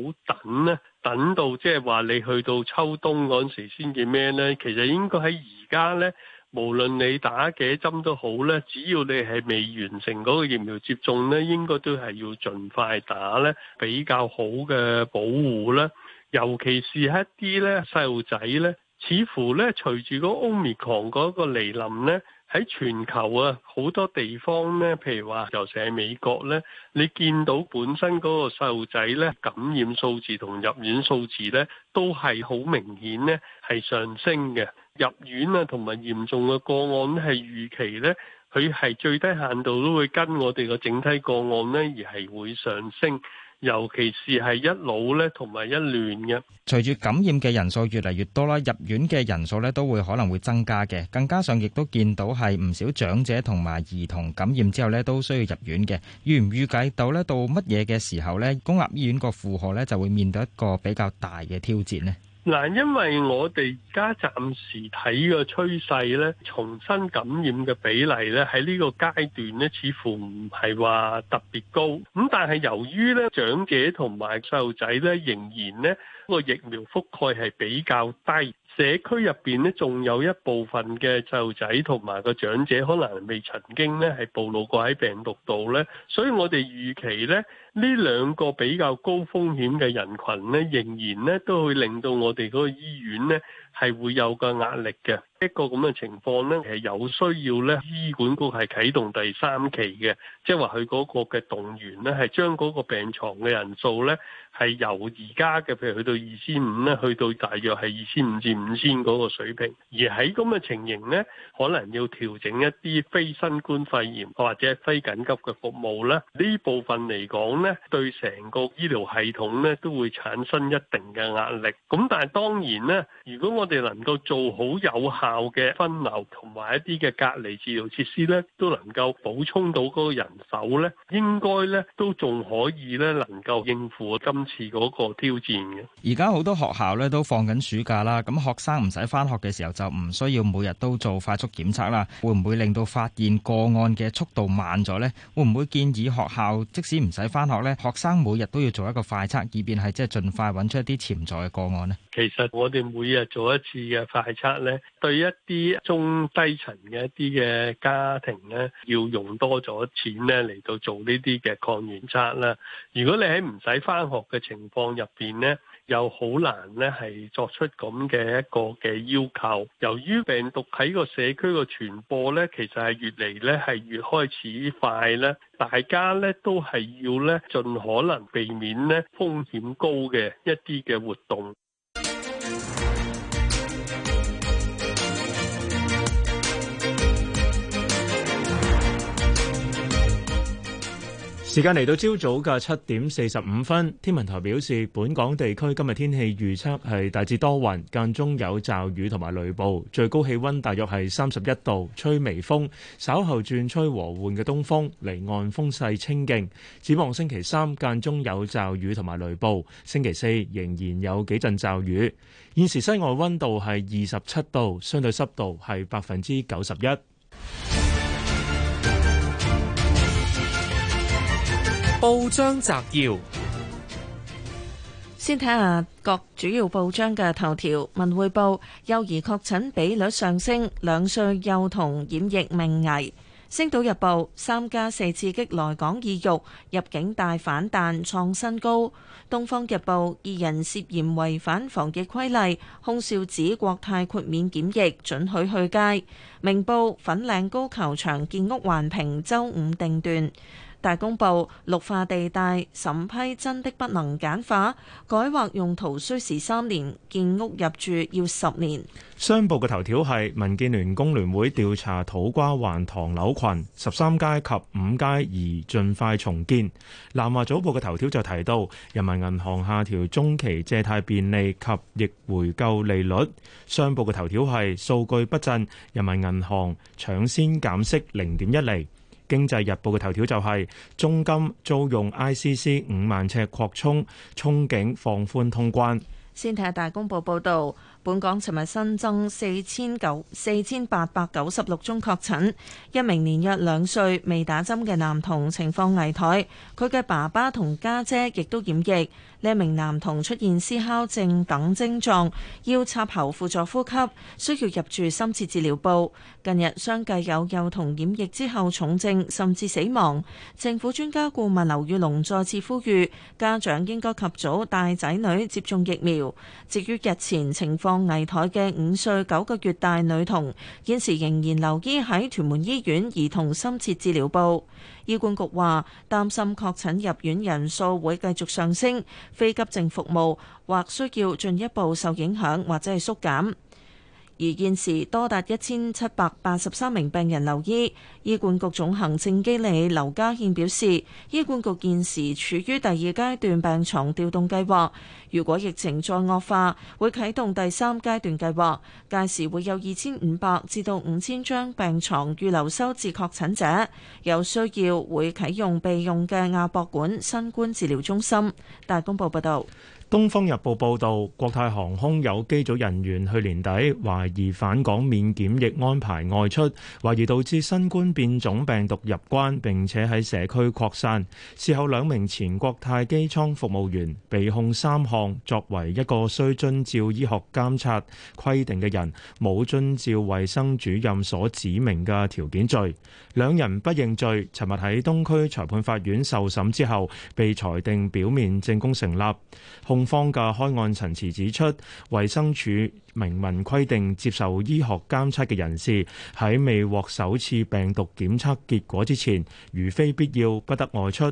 等咧，等到即係話你去到秋冬嗰陣時先至咩咧，其實應該喺而家咧，無論你打幾針都好咧，只要你係未完成嗰個疫苗接種咧，應該都係要盡快打咧，比較好嘅保護咧，尤其是一啲咧細路仔咧，似乎咧隨住個 Omicron 嗰個嚟臨咧。喺全球啊，好多地方咧，譬如話，尤其喺美國咧，你見到本身嗰個細路仔咧感染數字同入院數字咧，都係好明顯咧係上升嘅。入院啊，同埋嚴重嘅個案咧，係預期咧，佢係最低限度都會跟我哋個整體個案咧而係會上升。尤其是係一老咧同埋一亂嘅，隨住感染嘅人數越嚟越多啦，入院嘅人數咧都會可能會增加嘅，更加上亦都見到係唔少長者同埋兒童感染之後咧都需要入院嘅，預唔預計到咧到乜嘢嘅時候咧，公立醫院個負荷咧就會面對一個比較大嘅挑戰呢。嗱，因為我哋而家暫時睇個趨勢咧，重新感染嘅比例咧，喺呢個階段咧，似乎唔係話特別高。咁但係由於咧長者同埋細路仔咧，仍然咧個疫苗覆蓋係比較低。社區入邊呢，仲有一部分嘅細路仔同埋個長者，可能未曾經呢係暴露過喺病毒度呢。所以我哋預期呢，呢兩個比較高風險嘅人群呢，仍然呢都會令到我哋嗰個醫院呢，係會有個壓力嘅一個咁嘅情況咧，係有需要呢。醫管局係啟動第三期嘅，即係話佢嗰個嘅動員呢，係將嗰個病床嘅人數呢，係由而家嘅譬如去到二千五呢，去到大約係二千五至五千嗰個水平。而喺咁嘅情形呢，可能要調整一啲非新冠肺炎或者非緊急嘅服務呢，呢部分嚟講呢，對成個醫療系統呢，都會產生一定嘅壓力。咁但係當然呢，如果我我哋能夠做好有效嘅分流同埋一啲嘅隔離治療設施咧，都能夠補充到嗰個人手咧，應該咧都仲可以咧，能夠應付今次嗰個挑戰嘅。而家好多學校咧都放緊暑假啦，咁學生唔使翻學嘅時候就唔需要每日都做快速檢測啦。會唔會令到發現個案嘅速度慢咗咧？會唔會建議學校即使唔使翻學咧，學生每日都要做一個快測，以便係即係盡快揾出一啲潛在嘅個案咧？其實我哋每日做一次嘅快測呢，對一啲中低層嘅一啲嘅家庭呢，要用多咗錢呢嚟到做呢啲嘅抗原測啦。如果你喺唔使返學嘅情況入邊呢，又好難呢係作出咁嘅一個嘅要求。由於病毒喺個社區嘅傳播呢，其實係越嚟呢係越開始快呢，大家呢都係要呢盡可能避免呢風險高嘅一啲嘅活動。時間嚟到朝早嘅七點四十五分，天文台表示，本港地區今日天氣預測係大致多雲，間中有驟雨同埋雷暴，最高氣溫大約係三十一度，吹微風，稍後轉吹和緩嘅東風，離岸風勢清勁。展望星期三間中有驟雨同埋雷暴，星期四仍然有幾陣驟雨。現時室外溫度係二十七度，相對濕度係百分之九十一。報章摘要，先睇下各主要報章嘅頭條。文匯報：幼兒確診比率上升，兩歲幼童染疫命危。星島日報：三加四刺激來港意欲入境大反彈創新高。東方日報：二人涉嫌違反防疫規例，空少指國泰豁免檢疫准許去街。明報：粉嶺高球場建屋環評，周五定段。大公報，綠化地帶審批真的不能簡化，改劃用途需時三年，建屋入住要十年。商報嘅頭條係民建聯工聯會調查土瓜灣唐樓群十三街及五街，宜盡快重建。南華早報嘅頭條就提到，人民銀行下調中期借貸便利及逆回購利率。商報嘅頭條係數據不振，人民銀行搶先減息零點一釐。《經濟日報》嘅頭條就係中金租用 ICC 五萬尺擴充，憧憬放寬通關。先睇下大公報報道。本港尋日新增四千九四千八百九十六宗確診，一名年約兩歲未打針嘅男童情況危殆，佢嘅爸爸同家姐亦都染疫。呢名男童出現燒烤症等症狀，要插喉輔助呼吸，需要入住深切治，治療部。近日相繼有幼童染疫之後重症甚至死亡。政府專家顧問劉宇隆再次呼籲，家長應該及早帶仔女接種疫苗。至於日前情況，卧危殆嘅五歲九個月大女童，現時仍然留醫喺屯門醫院兒童深切治療部。醫管局話，擔心確診入院人數會繼續上升，非急症服務或需要進一步受影響或者係縮減。而現時多達一千七百八十三名病人留醫，醫管局總行政經理劉家獻表示，醫管局現時處於第二階段病床調動計劃，如果疫情再惡化，會啟動第三階段計劃，屆時會有二千五百至到五千張病床預留收治確診者，有需要會啟用備用嘅亞博館新冠治療中心。大公報報道。《東方日報》報導，國泰航空有機組人員去年底懷疑返港免檢疫安排外出，懷疑導致新冠變種病毒入關並且喺社區擴散。事後兩名前國泰機艙服務員被控三項作為一個需遵照醫學監察規定嘅人，冇遵照衛生主任所指明嘅條件罪，兩人不認罪。尋日喺東區裁判法院受審之後，被裁定表面證供成立，控。控方嘅開案陳詞指出，衞生署明文規定，接受醫學監測嘅人士喺未獲首次病毒檢測結果之前，如非必要不得外出。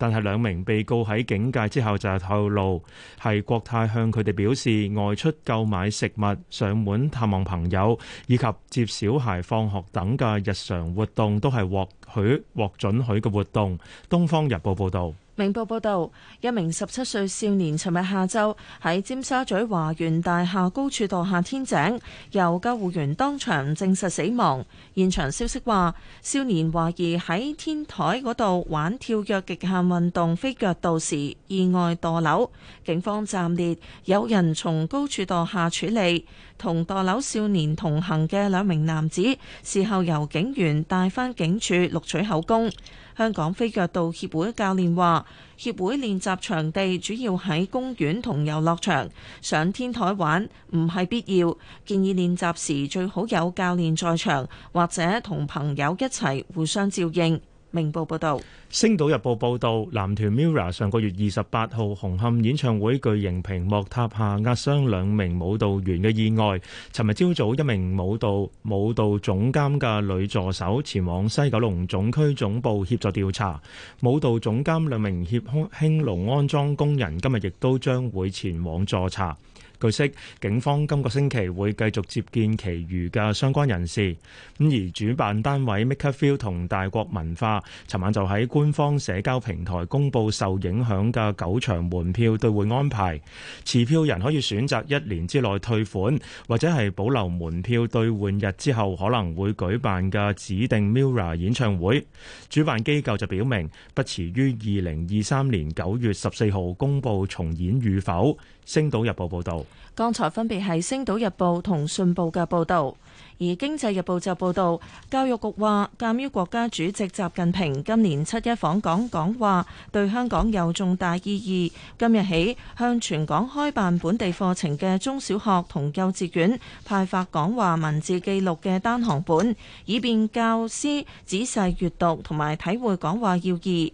但係兩名被告喺警戒之後就透露，係國泰向佢哋表示，外出購買食物、上門探望朋友以及接小孩放學等嘅日常活動都係獲許獲准許嘅活動。《東方日報》報道。明報報導，一名十七歲少年尋日下晝喺尖沙咀華園大廈高處墮下天井，由救護員當場證實死亡。現場消息話，少年懷疑喺天台嗰度玩跳躍極限運動飛躍道時意外墮樓，警方暫列有人從高處墮下處理。同墮樓少年同行嘅兩名男子，事後由警員帶返警署錄取口供。香港飛腳道協會教練話，協會練習場地主要喺公園同遊樂場，上天台玩唔係必要，建議練習時最好有教練在場，或者同朋友一齊互相照應。明報報道，《星島日報》報道，男團 MIRROR 上個月二十八號紅磡演唱會巨型屏幕塔下壓傷兩名舞蹈員嘅意外。尋日朝早，一名舞蹈舞蹈總監嘅女助手前往西九龍總區總部協助調查。舞蹈總監、兩名協空興隆安裝工人今日亦都將會前往助查。據悉，警方今個星期會繼續接見其餘嘅相關人士。咁而主辦單位 MakerVille 同大國文化，尋晚就喺官方社交平台公布受影響嘅九場門票兌換安排。持票人可以選擇一年之內退款，或者係保留門票兌換日之後可能會舉辦嘅指定 MIRROR 演唱會。主辦機構就表明，不遲於二零二三年九月十四號公佈重演與否。星島日報報導，剛才分別係星島日報同信報嘅報導，而經濟日報就報導，教育局話，鑑於國家主席習近平今年七一訪港講話對香港有重大意義，今日起向全港開辦本地課程嘅中小學同幼稚園派發講話文字記錄嘅單行本，以便教師仔細閱讀同埋體會講話要義。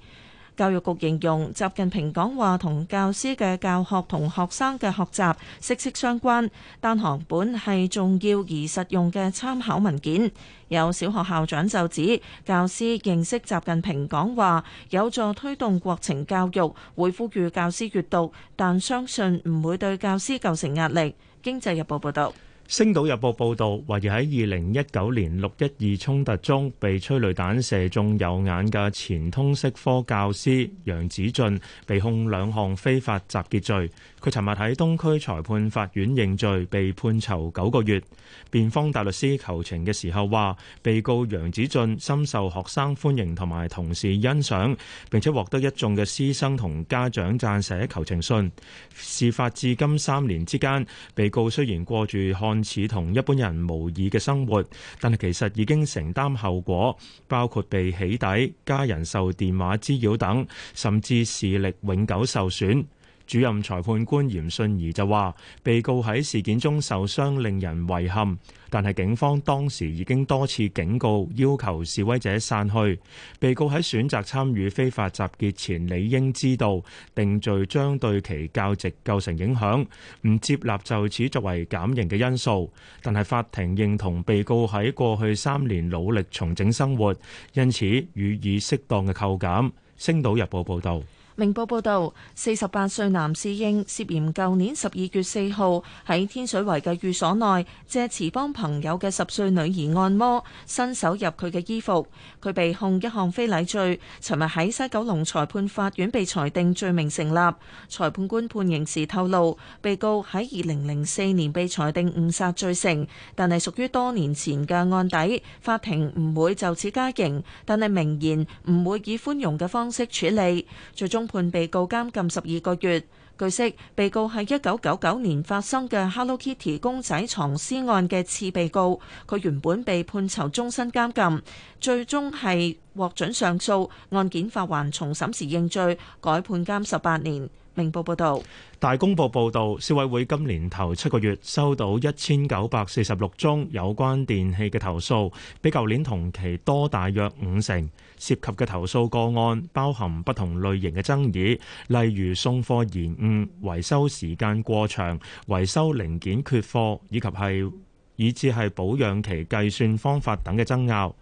教育局形容習近平講話同教師嘅教學同學生嘅學習息息相關，單行本係重要而實用嘅參考文件。有小學校長就指，教師認識習近平講話有助推動國情教育，會呼籲教師閱讀，但相信唔會對教師構成壓力。經濟日報報道。《星島日報》報道，懷疑喺二零一九年六一二衝突中被催淚彈射中右眼嘅前通識科教師楊子俊被控兩項非法集結罪。佢尋日喺東區裁判法院認罪，被判囚九個月。辯方大律師求情嘅時候話：被告楊子俊深受學生歡迎同埋同事欣賞，並且獲得一眾嘅師生同家長讚寫求情信。事發至今三年之間，被告雖然過住看似同一般人無異嘅生活，但係其實已經承擔後果，包括被起底、家人受電話滋擾等，甚至視力永久受損。主任裁判官嚴舜儀就話，被告喺事件中受傷令人遺憾，但係警方當時已經多次警告，要求示威者散去。被告喺選擇參與非法集結前，理應知道定罪將對其教職構成影響，唔接納就此作為減刑嘅因素。但係法庭認同被告喺過去三年努力重整生活，因此予以適當嘅扣減。《星島日報》報道。明報報導，四十八歲男侍應涉嫌舊年十二月四號喺天水圍嘅寓所內，借詞幫朋友嘅十歲女兒按摩，伸手入佢嘅衣服。佢被控一項非禮罪，尋日喺西九龍裁判法院被裁定罪名成立。裁判官判刑時透露，被告喺二零零四年被裁定誤殺罪成，但係屬於多年前嘅案底，法庭唔會就此加刑，但係明言唔會以寬容嘅方式處理，最終，判被告監禁十二個月。據悉，被告係一九九九年發生嘅 Hello Kitty 公仔藏屍案嘅次被告，佢原本被判囚終身監禁，最終係獲准上訴，案件發還重審時認罪，改判監十八年。明報報道，大公報報道，消委會今年頭七個月收到一千九百四十六宗有關電器嘅投訴，比舊年同期多大約五成。涉及嘅投訴個案包含不同類型嘅爭議，例如送貨延誤、維修時間過長、維修零件缺貨，以及係。以至係保養期計算方法等嘅爭拗。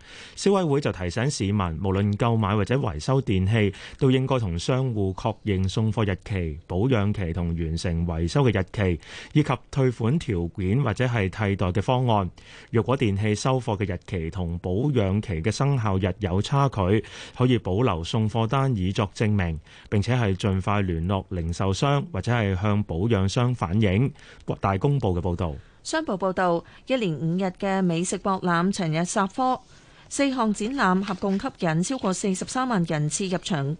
商報報導，一連五日嘅美食博覽，尋日煞科，四項展覽合共吸引超過四十三萬人次入場。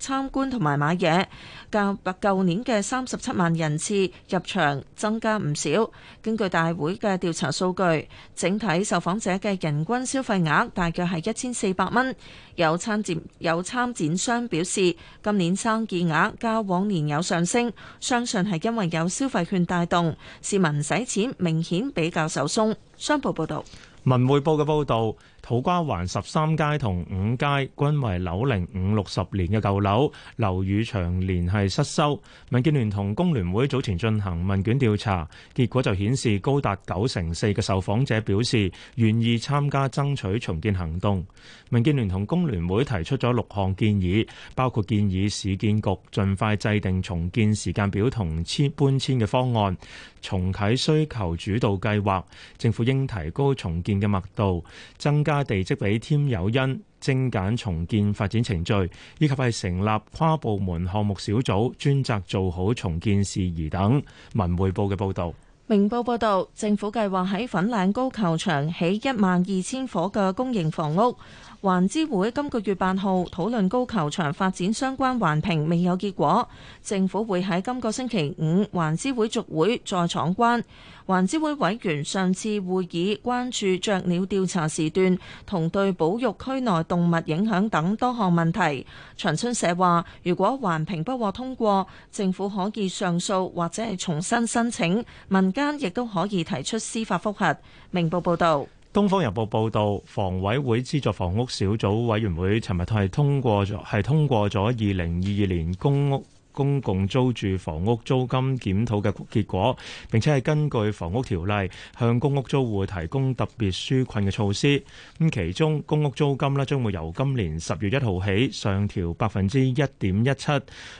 參觀同埋買嘢，較舊年嘅三十七萬人次入場增加唔少。根據大會嘅調查數據，整體受訪者嘅人均消費額大約係一千四百蚊。有參展有參展商表示，今年生意額較往年有上升，相信係因為有消費券帶動，市民使錢明顯比較手鬆。商報報導，《文匯報》嘅報導。土瓜灣十三街同五街均為樓齡五六十年嘅舊樓，樓宇長年係失修。民建聯同工聯會早前進行問卷調查，結果就顯示高達九成四嘅受訪者表示願意參加爭取重建行動。民建聯同工聯會提出咗六項建議，包括建議市建局盡快制定重建時間表同搬遷嘅方案，重啟需求主導計劃，政府應提高重建嘅密度，增加地積比添，有因精簡重建發展程序，以及係成立跨部門項目小組，專責做好重建事宜等。文匯報嘅報道，明報報道，政府計劃喺粉嶺高球場起一萬二千伙嘅公營房屋。環資會今個月八號討論高球場發展相關環評，未有結果。政府會喺今個星期五環資會續會再闖關。環諮會委員上次會議關注雀鳥調查時段同對保育區內動物影響等多項問題。長春社話，如果環評不獲通過，政府可以上訴或者係重新申請，民間亦都可以提出司法覆核。明報報道，《東方日報》報道，房委會資助房屋小組委員會尋日係通過咗，係通過咗二零二二年公屋公共租住房屋租金檢討嘅結果，並且係根據房屋條例向公屋租戶提供特別紓困嘅措施。咁其中公屋租金將會由今年十月一號起上調百分之一點一七，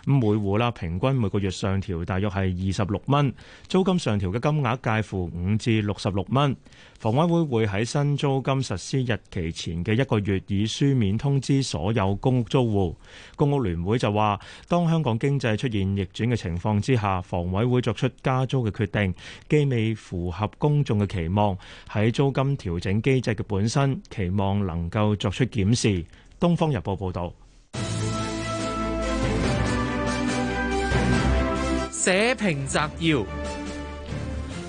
每戶平均每個月上調大約係二十六蚊，租金上調嘅金額介乎五至六十六蚊。房委會會喺新租金實施日期前嘅一個月以書面通知所有公屋租戶。公屋聯會就話，當香港經濟出現逆轉嘅情況之下，房委會作出加租嘅決定，既未符合公眾嘅期望。喺租金調整機制嘅本身，期望能夠作出檢視。東方日報報道。社評摘要。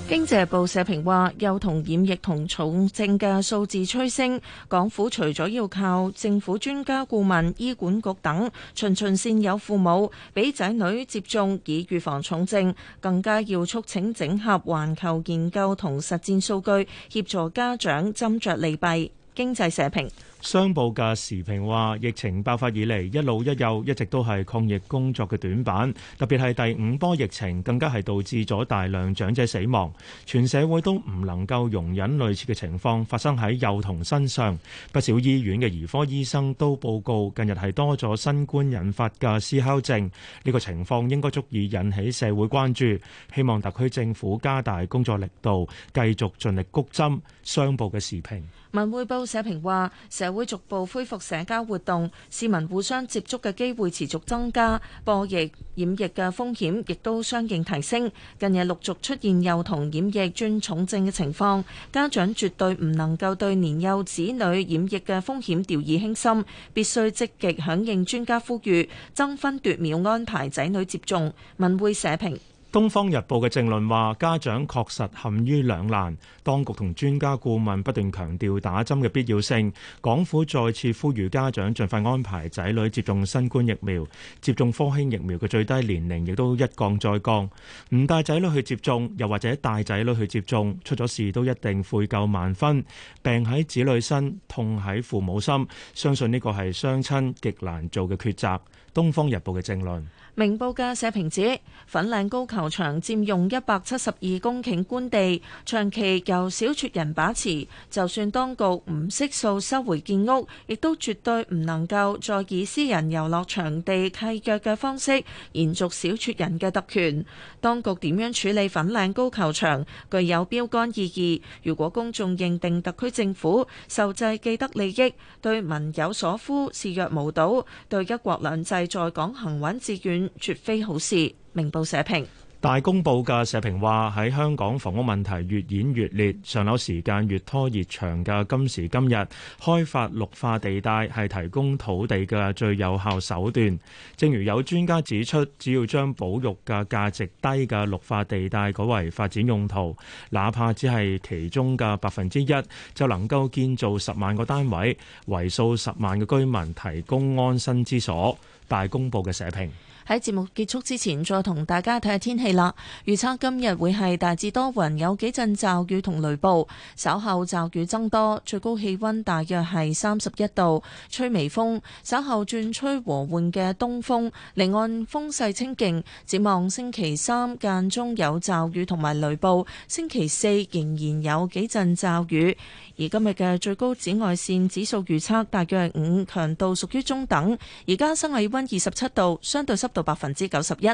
經濟部社評話：幼童染疫同重症嘅數字飆升，港府除咗要靠政府專家顧問、醫管局等循循善有父母，俾仔女接種以預防重症，更加要促請整合環球研究同實戰數據，協助家長斟酌利弊。經濟社評。商報嘅時評話：疫情爆發以嚟，一老一幼一直都係抗疫工作嘅短板，特別係第五波疫情，更加係導致咗大量長者死亡。全社會都唔能夠容忍類似嘅情況發生喺幼童身上。不少醫院嘅兒科醫生都報告，近日係多咗新冠引發嘅思考症。呢、這個情況應該足以引起社會關注。希望特區政府加大工作力度，繼續盡力谷針。商報嘅時評。文匯報社評話：社會逐步恢復社交活動，市民互相接觸嘅機會持續增加，播疫染疫嘅風險亦都相應提升。近日陸續出現幼童染疫轉重症嘅情況，家長絕對唔能夠對年幼子女染疫嘅風險掉以輕心，必須積極響應專家呼籲，爭分奪秒安排仔女接種。文匯社評。《東方日報》嘅正論話：家長確實陷於兩難，當局同專家顧問不斷強調打針嘅必要性，港府再次呼籲家長盡快安排仔女接種新冠疫苗，接種科興疫苗嘅最低年齡亦都一降再降。唔帶仔女去接種，又或者帶仔女去接種，出咗事都一定悔疚萬分，病喺子女身，痛喺父母心。相信呢個係雙親極難做嘅抉擇。《東方日報》嘅正論。明報嘅社評指，粉嶺高球場佔用一百七十二公頃官地，長期由小撮人把持，就算當局唔悉數收回建屋，亦都絕對唔能夠再以私人遊樂場地契約嘅方式延續小撮人嘅特權。當局點樣處理粉嶺高球場，具有標竿意義。如果公眾認定特區政府受制既得利益，對民有所呼視若無睹，對一國兩制在港行穩致遠。絕非好事。明報社評。大公報嘅社評話喺香港房屋問題越演越烈，上樓時間越拖越長嘅今時今日，開發綠化地帶係提供土地嘅最有效手段。正如有專家指出，只要將保育嘅價值低嘅綠化地帶改為發展用途，哪怕只係其中嘅百分之一，就能夠建造十萬個單位，為數十萬嘅居民提供安身之所。大公報嘅社評。喺節目結束之前，再同大家睇下天氣啦。預測今日會係大致多雲，有幾陣驟雨同雷暴。稍後驟雨增多，最高氣温大約係三十一度，吹微風。稍後轉吹和緩嘅東風，離岸風勢清勁。展望星期三間中有驟雨同埋雷暴，星期四仍然有幾陣驟雨。而今日嘅最高紫外線指數預測大約係五，強度屬於中等。而家室外温二十七度，相對濕到百分之九十一。